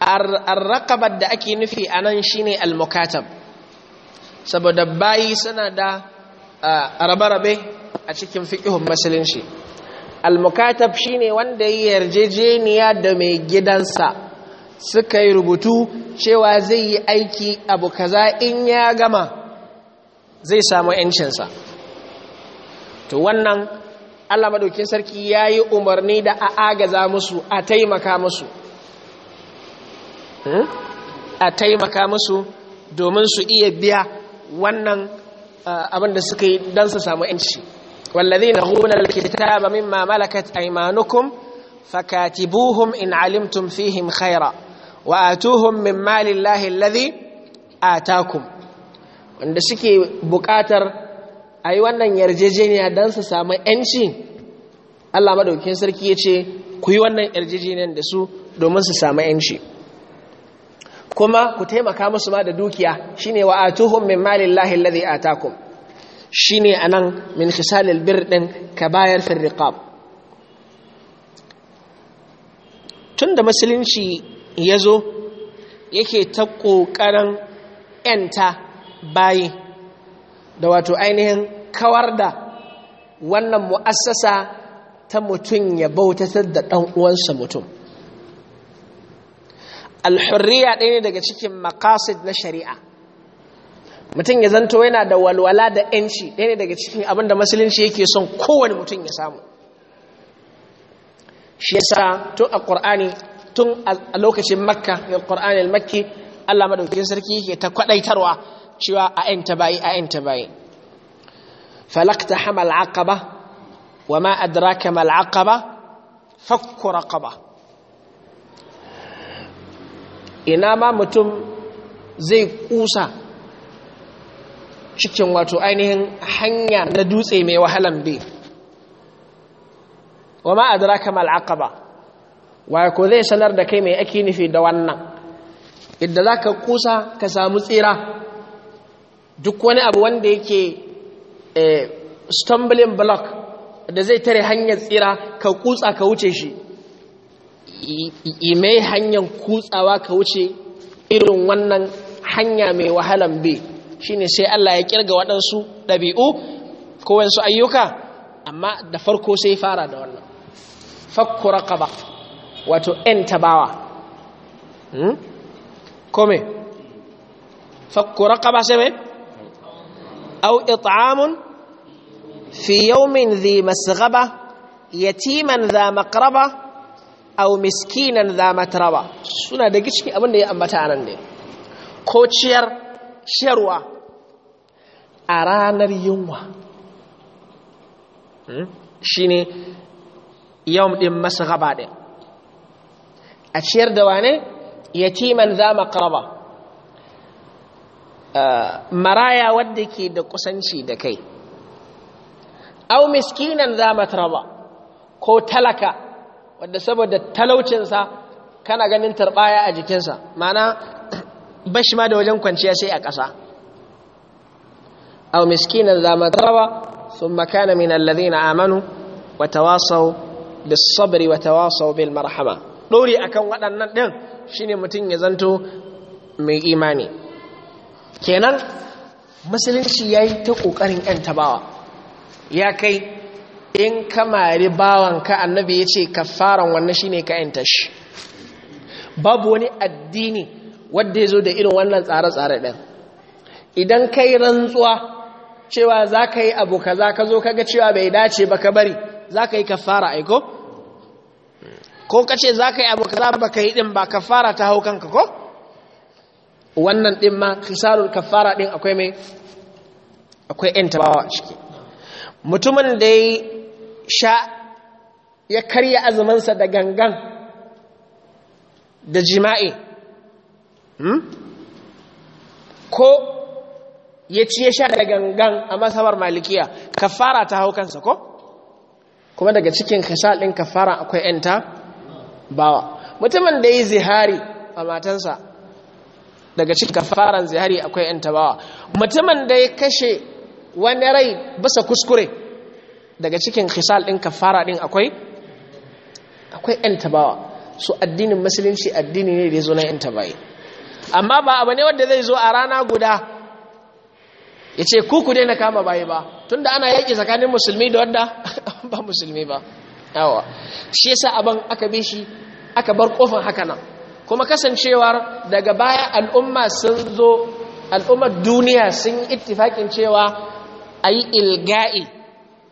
ar-raqabat da ake nufi anan shine al-mukatab saboda bayi suna da a rabe-rabe a cikin fiƙihun musulunci al-mukatab ne wanda ya yarjejeniya da mai gidansa suka yi rubutu cewa zai yi aiki abu kaza in ya gama zai samu yancinsa to wannan allah madaukin sarki ya yi umarni da a agaza musu a taimaka musu hmm? a taimaka musu domin su iya biya wannan abinda suka yi don su samu yanci wallazi na hunar kitaba mimma malakat aimanukum fakatibuhum in alimtum fihim khaira wa atuhum min malillahi allazi atakum wanda suke bukatar ayi wannan yarjejeniya don su samu yanci Allah madaukin sarki ce ku yi wannan yarjejeniyar da su domin su samu yanci kuma ku taimaka musu ma da dukiya shine wa atuhum min malillahi alladhi atakum shine anan min khisalil bir din bayar fil riqab tunda musulunci ya zo yake ta kokarin yanta bayi da wato ainihin kawar da wannan mu'assasa ta mutum ya bautatar da ɗan uwansa mutum alhurriya ɗaya ne daga cikin makasid na shari'a mutum ya zanto yana da walwala da yanci ɗaya ne daga cikin abinda musulunci yake son kowane mutum ya samu shi yasa tun a ƙur'ani tun a lokacin makka ya ƙur'ani al-makki allah madaukakin sarki yake ta kwaɗaitarwa cewa a yanta bayi a yanta bayi falakta hamal aqaba wa ma adraka mal aqaba fakku raqaba ina ma mutum zai kusa cikin wato ainihin hanya na dutse mai wahalan bi wa ma adraka mal aqaba wa ko zai sanar da kai mai ake nufi da wannan idda zaka kusa ka samu tsira duk wani abu wanda yake eh, stumbling block da zai tare hanyar tsira ka kusa ka wuce shi imai hanyar kutsawa ka wuce irin wannan hanya mai wahalan bi shine sai Allah ya kirga waɗansu ɗabi'u ko wansu ayyuka amma da farko sai fara da wannan fakku kaba wato 'yan tabawa hmm? kome fakku kaba sai mai au it'amun fi yawmin masu gaba yatiman za makaraba aw miskinan za matrawa suna da cikin abin da ya ambata nan ne ko ciyar ciyarwa a ranar yunwa hmm? shine yawm din masa gaba ɗin a ciyar da wane yatiman za maqraba eh, maraya wadda ke da kusanci da kai aw miskinan za matraba ko talaka wadda saboda talaucinsa kana ganin tarbaya a jikinsa mana bashi ma da wajen kwanciya sai a ƙasa aw miskinan zamantarawa, sun makana min allazina amanu wa wasau bis sabri wa tawasau bil marhama dori akan waɗannan ɗin shine mutum ya zanto mai imani kenan musulunci yayi ta ƙoƙarin 'yan tabawa ya kai in ka bawan bawanka annabi ya ce kafaran wannan shine ka yanta shi babu wani addini wadda ya zo da irin wannan tsare-tsare ɗin idan ka yi rantsuwa cewa za ka yi abu ka za ka zo kaga cewa bai dace ba ka bari za ka yi kafara aiko ko ka ce za ka yi abu ka za ba ka yi ɗin ba kafara ta hau kanka ko wannan ɗin ma kisarul kafara ɗin akwai mai akwai ‘yan tabawa a ciki mutumin da ya sha ya karya azumansa da gangan da jima'i hmm? ko ya ci ya sha da gangan a masabar malikiya kafara ta hau kansa ko kuma daga cikin ka kafara akwai ‘yanta bawa mutumin da yi zihari a matansa daga cikin kafaran zihari akwai ‘yanta bawa mutumin da ya kashe wani rai bisa kuskure daga cikin khisal ɗin kafara ɗin akwai akwai ‘yan tabawa su addinin musulunci addini ne da ya zo na ‘yan tabaye amma ba abu ne wanda zai zo a rana guda ya ce kuku dai na kama bayi ba tun da ana yaƙi tsakanin musulmi da wadda ba musulmi ba yawa shi yasa abin aka bi shi aka bar kofin haka nan kuma kasancewar daga baya al'umma sun zo al'ummar duniya sun yi ittifakin cewa a yi ilga'i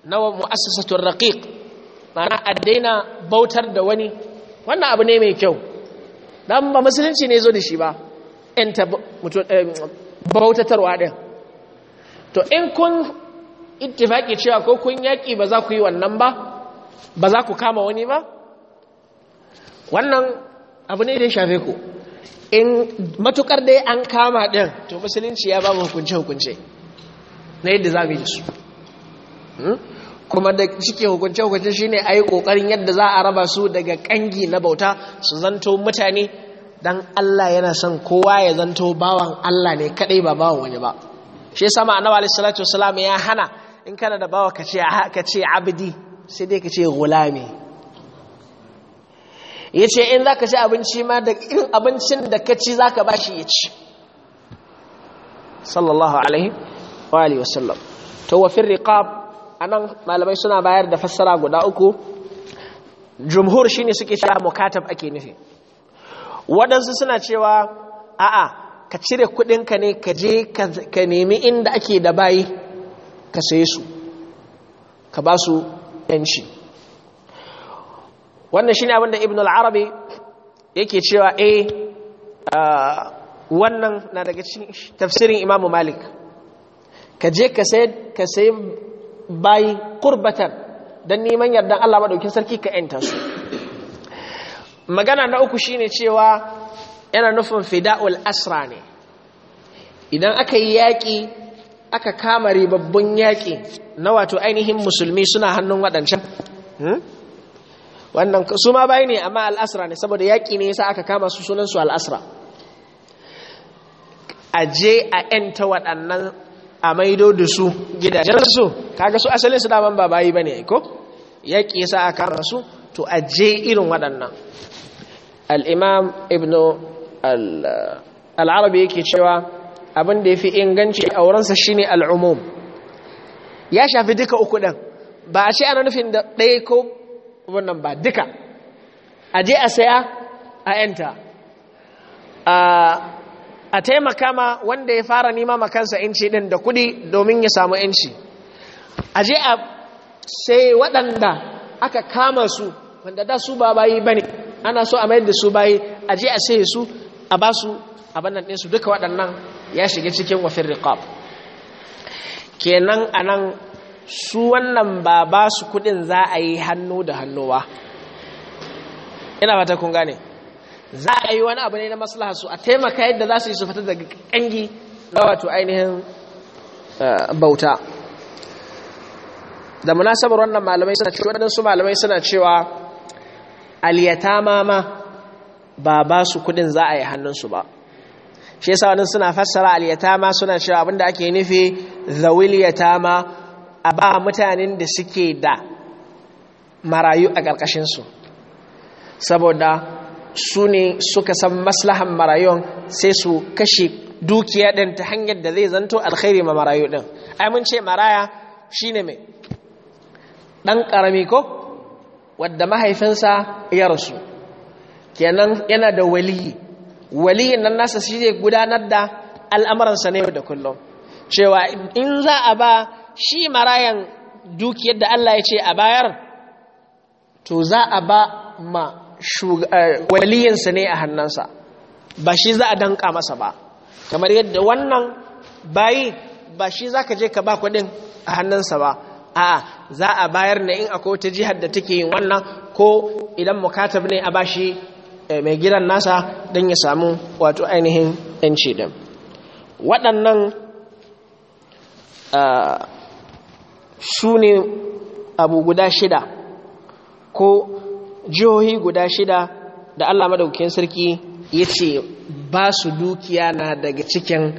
na mu'assasatul raqiq Mana a daina bautar da wani wannan abu ne mai kyau dan ba musulunci ne zo da shi ba in ta eh, bautatarwa din to in kun ittifaki cewa ko kun yaki ba za ku yi wannan ba ba za ku kama wani ba wannan abu ne da ya shafe ku in matukar dai an kama din to musulunci ya ba mu hukunce hukunce na yadda za mu yi da su hmm? kuma da cikin hukunce hukunce shi a ayi kokarin yadda za a raba su daga kangi na bauta su zanto mutane don Allah yana son kowa ya zanto bawan Allah ne kadai ba bawan wani ba shi sama a nawa alisalatu wasalam ya hana in kana da bawa kace ah, ce abdi sai dai kace gulami ce in za ka ci abinci ma da in abincin da ka ci ka ba bashi ya ci sallallahu alaihi wa alihi wasallam to wa fi anan malamai suna bayar da fassara guda uku jumhur shine suke cewa mukatab ake nufi waɗansu suna cewa a'a ka cire ka ne ka je ka nemi inda ake da bayi ka saye su ka ba su yanci wannan shine abinda ibn al-arabi yake cewa eh wannan na daga cikin tafsirin imamu malik ka je ka sayi bayi kurbatar don neman yardan Allah maɗaukin sarki ka ‘yanta su magana na uku shi ne cewa yana nufin fida'ul asra ne idan aka yi yaƙi aka kama ribabbun yaƙi na wato ainihin musulmi suna hannun waɗancan hmm? wannan su ma bayi ne amma al'asra ne saboda yaƙi ne yasa aka kama su sunansu al'asra a je a ‘yanta waɗannan a maido da su gidajensu kaga su asalin su daman ba bayi bane ko ya kisa a kan su to a je irin waɗannan al-imam ibn al-arabi yake cewa abin da fi inganci a wurinsa shine al-umum ya shafi duka uku din ba a ce ana nufin da ɗaya ko wannan ba duka a je a saya a yanta a taimaka ma wanda ya fara nima makansa inci ɗin da kuɗi domin ya samu inci. a je a sai waɗanda aka kama su wanda da su ba bayi ba ana so a mayar da su bayi a je a sai su a ba su abannan ɗinsu duka waɗannan ya shiga cikin wafin riƙab kenan a nan su wannan ba ba su kuɗin za a yi hannu da hannuwa ina ta kun gane za a yi wani abu ne na maslaha su a taimaka yadda za su yi su fita daga kangi na wato ainihin eh, bauta da munasabar wannan malamai suna cewa waɗansu malamai suna cewa aliyata mama ba ba su kudin za a yi hannunsu ba shi yasa wani suna fassara aliyata ma suna cewa da ake nufi ma a ba mutanen da suke da marayu a ƙarƙashinsu saboda su ne suka san maslahan marayun sai su kashe dukiya ɗin ta hanyar da zai zanto alkhairi ma marayu ɗin ai mun ce maraya shine mai ɗan ƙarami ko wadda mahaifinsa ya rasu kenan yana da waliyi waliyin nan nasa shi ne gudanar da al'amuransa ne da kullum cewa in za a ba shi marayan dukiyar da Allah ya ce a bayar to za a ba ma Eh, waliyinsa ne a hannunsa ba shi za a danka masa ba kamar yadda wannan bayi ba shi za ka je ka ba kudin a hannunsa ba a za a bayar ne in akwai wata jihar da take yin wannan ko idan mukatab ne a bashi eh, mai gidan nasa don ya samu wato ainihin yanci din waɗannan eh, su ne abu guda shida ko jihohi guda shida da Allah madaukakin sarki ya ce ba su dukiya na daga cikin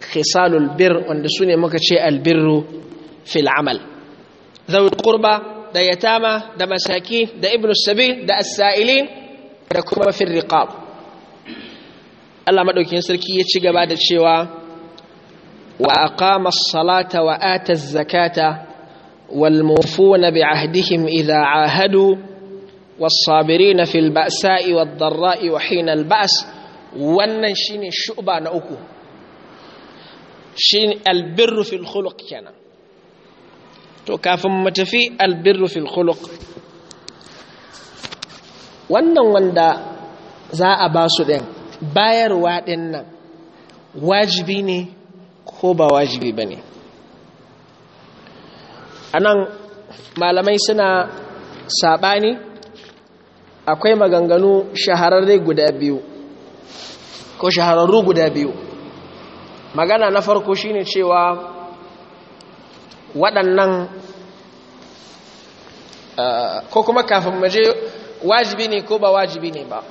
khisalul bir wanda su ne muka ce albirru fil amal zaul qurba da yatama da masaki da ibnu sabi da as-sa'ilin da kuma fil riqab Allah madaukakin sarki ya ci gaba da cewa wa aqama as-salata wa ata az-zakata wal mufuna bi ahdihim idha ahadu والصابرين في البأساء والضراء وحين البأس wannan shine shuba na uku shine albirru fil khuluq kenan to kafin mu tafi albirru fil khuluq wannan wanda za a ba su din bayarwa din nan wajibi ne ko ba wajibi bane anan malamai suna saɓani. akwai maganganu shahararre guda biyu ko shahararru guda biyu magana na farko shine cewa waɗannan uh, ko kuma kafin maje wajibi ne ko ba wajibi ne ba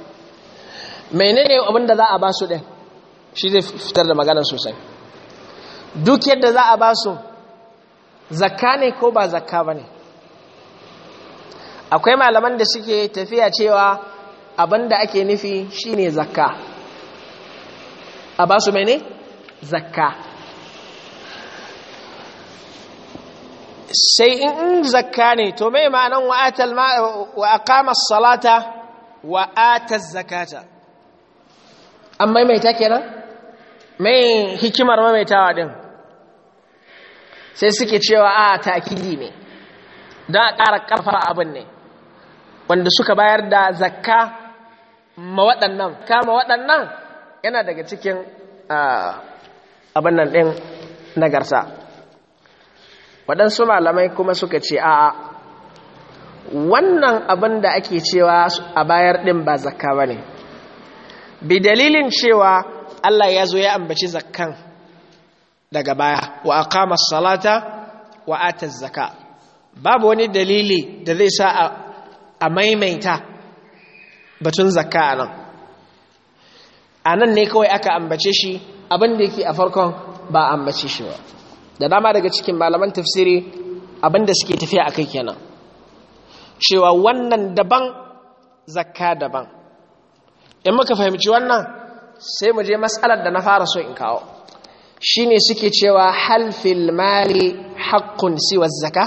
menene abinda za a ba su ɗin shi zai fitar da magana sosai duk yadda za a ba su zakka ne ko ba zakka ba ne akwai malaman da suke tafiya cewa abinda ake nufi shine zakka a ba su mene zakka sai in zakka ne to mai ma'anan wa aqama salata wa zakata an maimaita kenan mai hikimar maimaitawa din sai suke cewa a takidi ne don a ƙara ƙarfa abin ne wanda suka bayar da zakka ma waɗannan kama waɗannan yana daga cikin abin ɗin nagarsa waɗansu malamai kuma suka ce a wannan abin da ake cewa a bayar ɗin ba zakka ba ne bi dalilin cewa Allah ya zo ya ambaci zakkan daga baya wa a kama salata wa ta zakka babu wani dalili da zai sa a. a maimaita batun zakka a nan a nan ne kawai aka ambace shi abinda yake a farkon ba a ambace shi ba da dama daga cikin malaman tafsiri abin suke tafiya a kai kenan cewa wannan daban zakka daban in muka fahimci wannan sai mu je matsalar da na fara so in kawo shine suke cewa halfil mali haqqun siwa zakka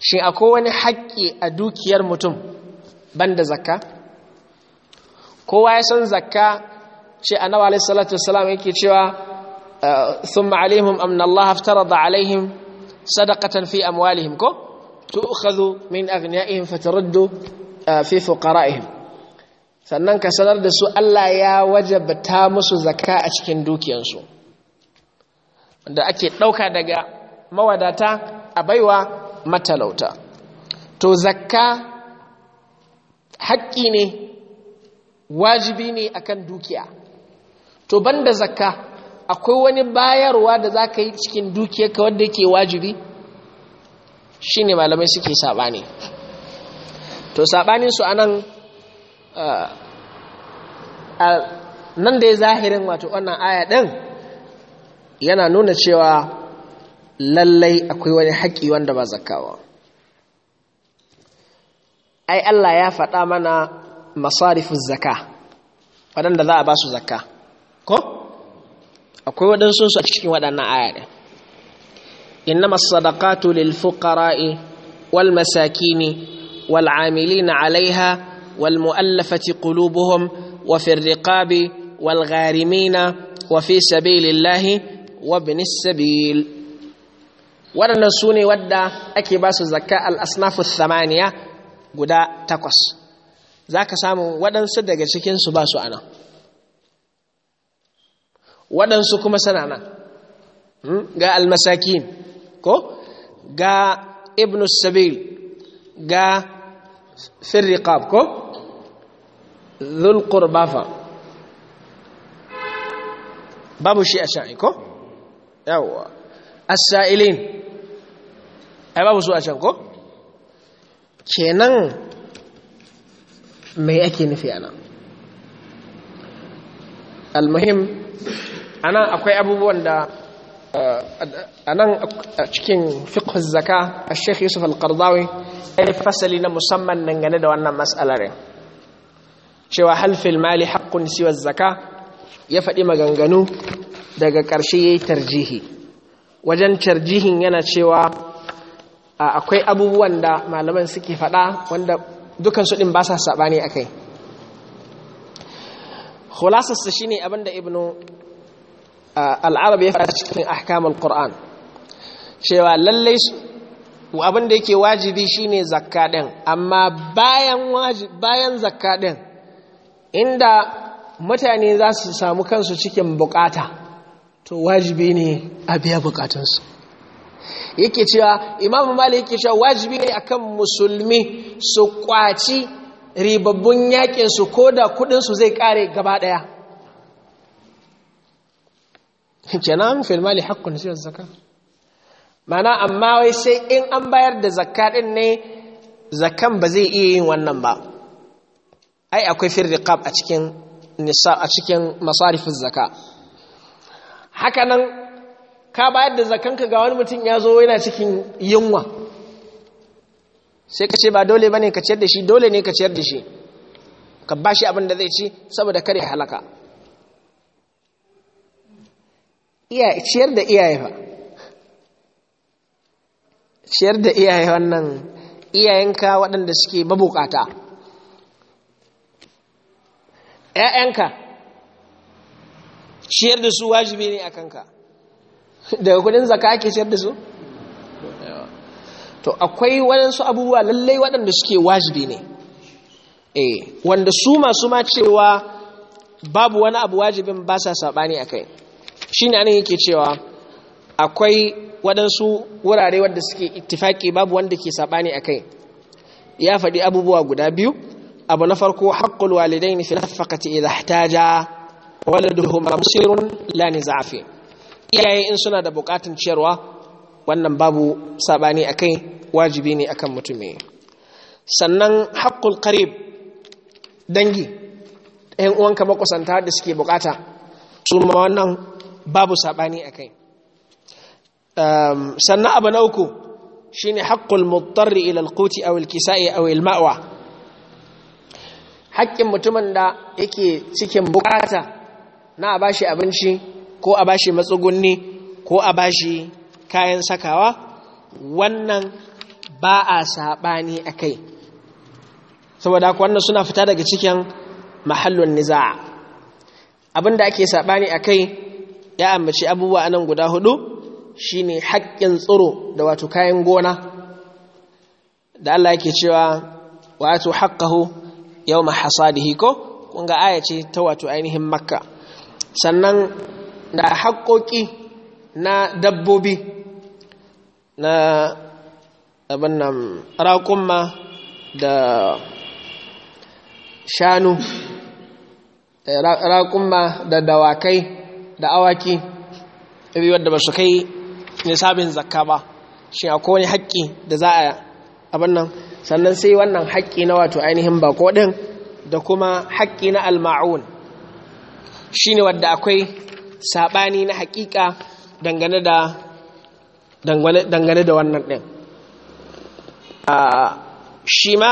shi akwai wani haƙƙi a dukiyar mutum banda zakka kowa ya san zakka shi annabi alaihi salatu wassalam yake cewa eh, thumma alaihim amna Allah aftarada alaihim sadaqatan fi amwalihim ko tu'khadhu min aghniyaihim fataraddu eh, fi fuqaraihim sannan ka sanar da su Allah ya wajabta musu zakka a cikin dukiyarsu da ake dauka daga mawadata a baiwa matalauta to zakka haƙƙi ne wajibi ne akan dukiya to banda zakka akwai wani bayarwa da za ka yi cikin dukiyarka wadda yake wajibi shi ne malamai suke saɓani to saɓaninsu a nan nan da ya zahirin wato wannan aya ɗin yana nuna cewa lallai akwai wani haƙi wanda ba zakawa ai Allah ya faɗa mana masarifin zaka waɗanda za a ba su zaka ko akwai waɗansu su a cikin waɗannan ayyarin inna masadaƙatu lilfuƙara'i walmasakini wal'amilina alaiha walmu'allafati ƙulubuhum wa firriƙabi walgharimina wa fi sabilillahi wa binis sabili waɗannan su ne wadda ake ba su zakka al'asnafu samaniya guda takwas za ka samu waɗansu daga cikinsu ba su ana waɗansu kuma suna nan hmm? ga Almasaki ko ga ibn sabil ga firriqab ko zulqurbafa babu shi a sha'i ko yawwa ai babu su a can ko kenan mai ake nufi ana almuhim anan akwai abubuwan da eh, a cikin fiqh zaka a sheikh yusuf al-qardawi ya fasali na musamman dangane da wannan matsalar cewa hal fil mali haqqun siwa zaka ya faɗi maganganu daga ƙarshe yayi tarjihi wajen tarjihin yana cewa akwai abubuwan da malaman suke fada wanda su din ba sa saɓani a kai khulasarsa shine abinda ibnu al'arab ya fada cikin ahkamul qur'an cewa lallai abinda yake wajibi shine zakka din amma bayan bayan zakka din inda mutane za su samu kansu cikin bukata to wajibi ne a biya bukatunsu yake cewa imam malik yake cewa wajibi ne akan musulmi su kwaci ribabbun yakin su da kudin su zai kare gaba daya kenan fil mali haqqun shi zakka mana amma wai sai in an bayar da zakka din ne zakkan ba zai iya yin wannan ba ai akwai firriqab a cikin nisa a cikin masarifin zakka hakanan ka bayar da zakanka ga wani mutum ya zo yana cikin yunwa sai ka ce ba dole ba ne ka ciyar da shi dole ne ka ciyar da shi ka ba shi abin da zai ci saboda kare halaka ciyar da iyaye ba ciyar da iyaye wannan iyayenka waɗanda suke mabukata ‘ya'yanka ciyar da su wajibi ne a kanka daga kudin zaka ake siyar da su to akwai waɗansu abubuwa lallai waɗanda suke wajibi ne eh wanda su masu ma cewa babu wani abu wajibin ba sa saɓani a kai shi ne anan yake cewa akwai waɗansu wurare wanda suke ittifaki babu wanda ke saɓani a kai ya faɗi abubuwa guda biyu abu na farko haƙƙul walidai ne fi nafakati idan ta ja waladuhu mamsirun la lani za'afi iyaye in suna da bukatun ciyarwa wannan babu sabani a kai wajibi ne akan mutume sannan haƙƙul karib dangi ɗayan uwanka makusanta da suke bukata su ma wannan babu sabani a kai ehm, sannan abu na uku shi ne haƙƙul mutarri ilal kuti a wilkisa a wilma'wa haƙƙin mutumin da yake cikin bukata na a bashi abinci ko a bashi matsugunni ko a bashi kayan sakawa wannan ba a saɓani a kai saboda ku wannan suna fita daga cikin mahallun niza'a abinda ake saɓani a kai ya ambaci abubuwa nan guda hudu shine haƙƙin tsoro da wato kayan gona da Allah yake cewa wato haqqahu yawma hasadihi ko kun ga aya ce ta wato ainihin makka sannan da haƙoƙi na dabbobi na abinnan da shanu raƙumma da dawakai da awaki iri wadda ba su kai nisabin zakka ba shi akwai wani haƙƙi da za a abinnan sannan sai wannan haƙƙi na wato ainihin bako ɗin da kuma haƙƙi na alma'un shi ne wadda akwai saɓani na hakika dangane da dangane da wannan ɗin shi ma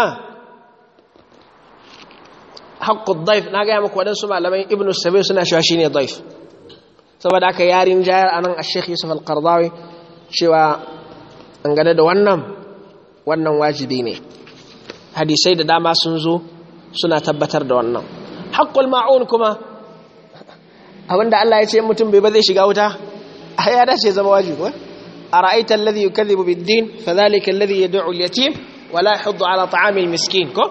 haƙƙun daif na gaya maka waɗansu malamai ibn sabi suna cewa shi ne daif saboda aka yarin jayar a nan a sheikh yusuf al cewa dangane da wannan wannan wajibi ne hadisai da dama sun zo suna tabbatar da wannan haƙƙul ma'un kuma abinda Allah ya ce mutum bai ba zai shiga wuta ai ya dace zama wajibi ba ara'aita alladhi yukadhibu bid-din fadhalika alladhi yad'u al-yatim wa la yahuddu ala ta'ami al-miskin ko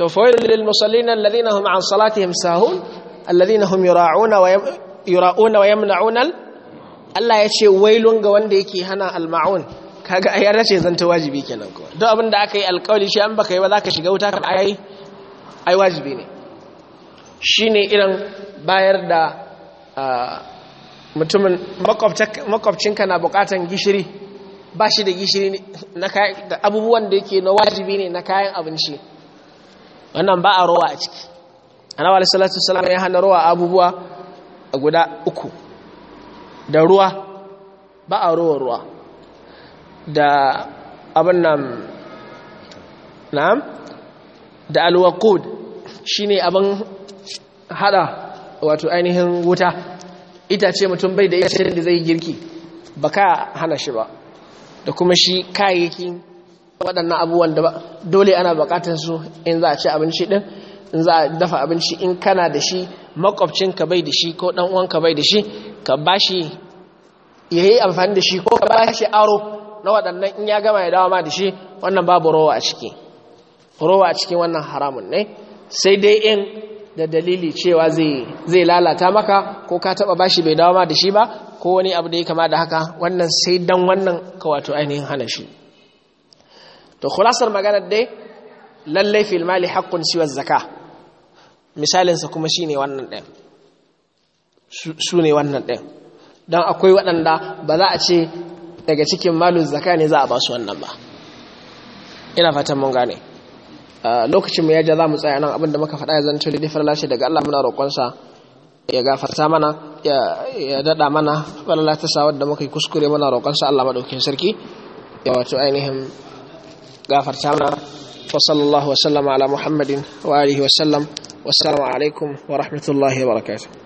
to fawailul lil musallin alladhina hum an salatihim sahun alladhina hum yura'una wa yura'una wa yamna'una Allah ya ce wailun ga wanda yake hana al-ma'un kaga ai ya dace zanta wajibi kenan ko duk abinda aka yi alƙawari shi an baka yi ba ka shiga wuta kan ai ai wajibi ne shine irin bayar da mutumin makwabcinka na bukatan gishiri ba shi da gishiri da abubuwan da yake na wajibi ne na kayan abinci wannan ba a rowa a ciki Ana wa alisalatu salam ya hana rowa abubuwa a guda uku da ruwa ba a rowa ruwa da abin nan na'am da shi ne abin hada wato ainihin wuta itace mutum bai da shirin da zai girki ba ka hana shi ba da kuma shi kayayyakin waɗannan abubuwan da dole ana buƙatar su in za a ci abinci ɗin in za a dafa abinci in kana da shi ka bai da shi ko ɗan uwanka bai da shi ka ba shi ya yi amfani da shi ko ka ba shi aro na waɗannan in ya gama ya dawo ma da shi wannan babu rowa a ciki rowa a cikin wannan haramun ne sai dai in da dalili cewa zai lalata maka ko ka taba bashi bai dawo ma da shi ba ko wani abu da ya kama da haka wannan sai dan wannan ka wato ainihin hana shi to khulasar magana dai lallai fil mali haqqun siwa zakka misalin sa kuma shine wannan din su ne wannan din dan akwai waɗanda ba za a ce daga cikin malu zakka ne za a ba su wannan ba ina fatan mun gane Ah, lokacin mu ya ja za mu tsaye nan abinda muka faɗa ya zanto da falala lashe daga Allah muna roƙonsa ya gafarta mana ya daɗa mana falala ta sawar da muka yi kuskure muna roƙonsa Allah maɗaukin sarki ya wato ainihin gafarta mana wa sallallahu wa sallama ala muhammadin wa alihi wa sallam wassalamu alaikum wa rahmatullahi wa barakatuh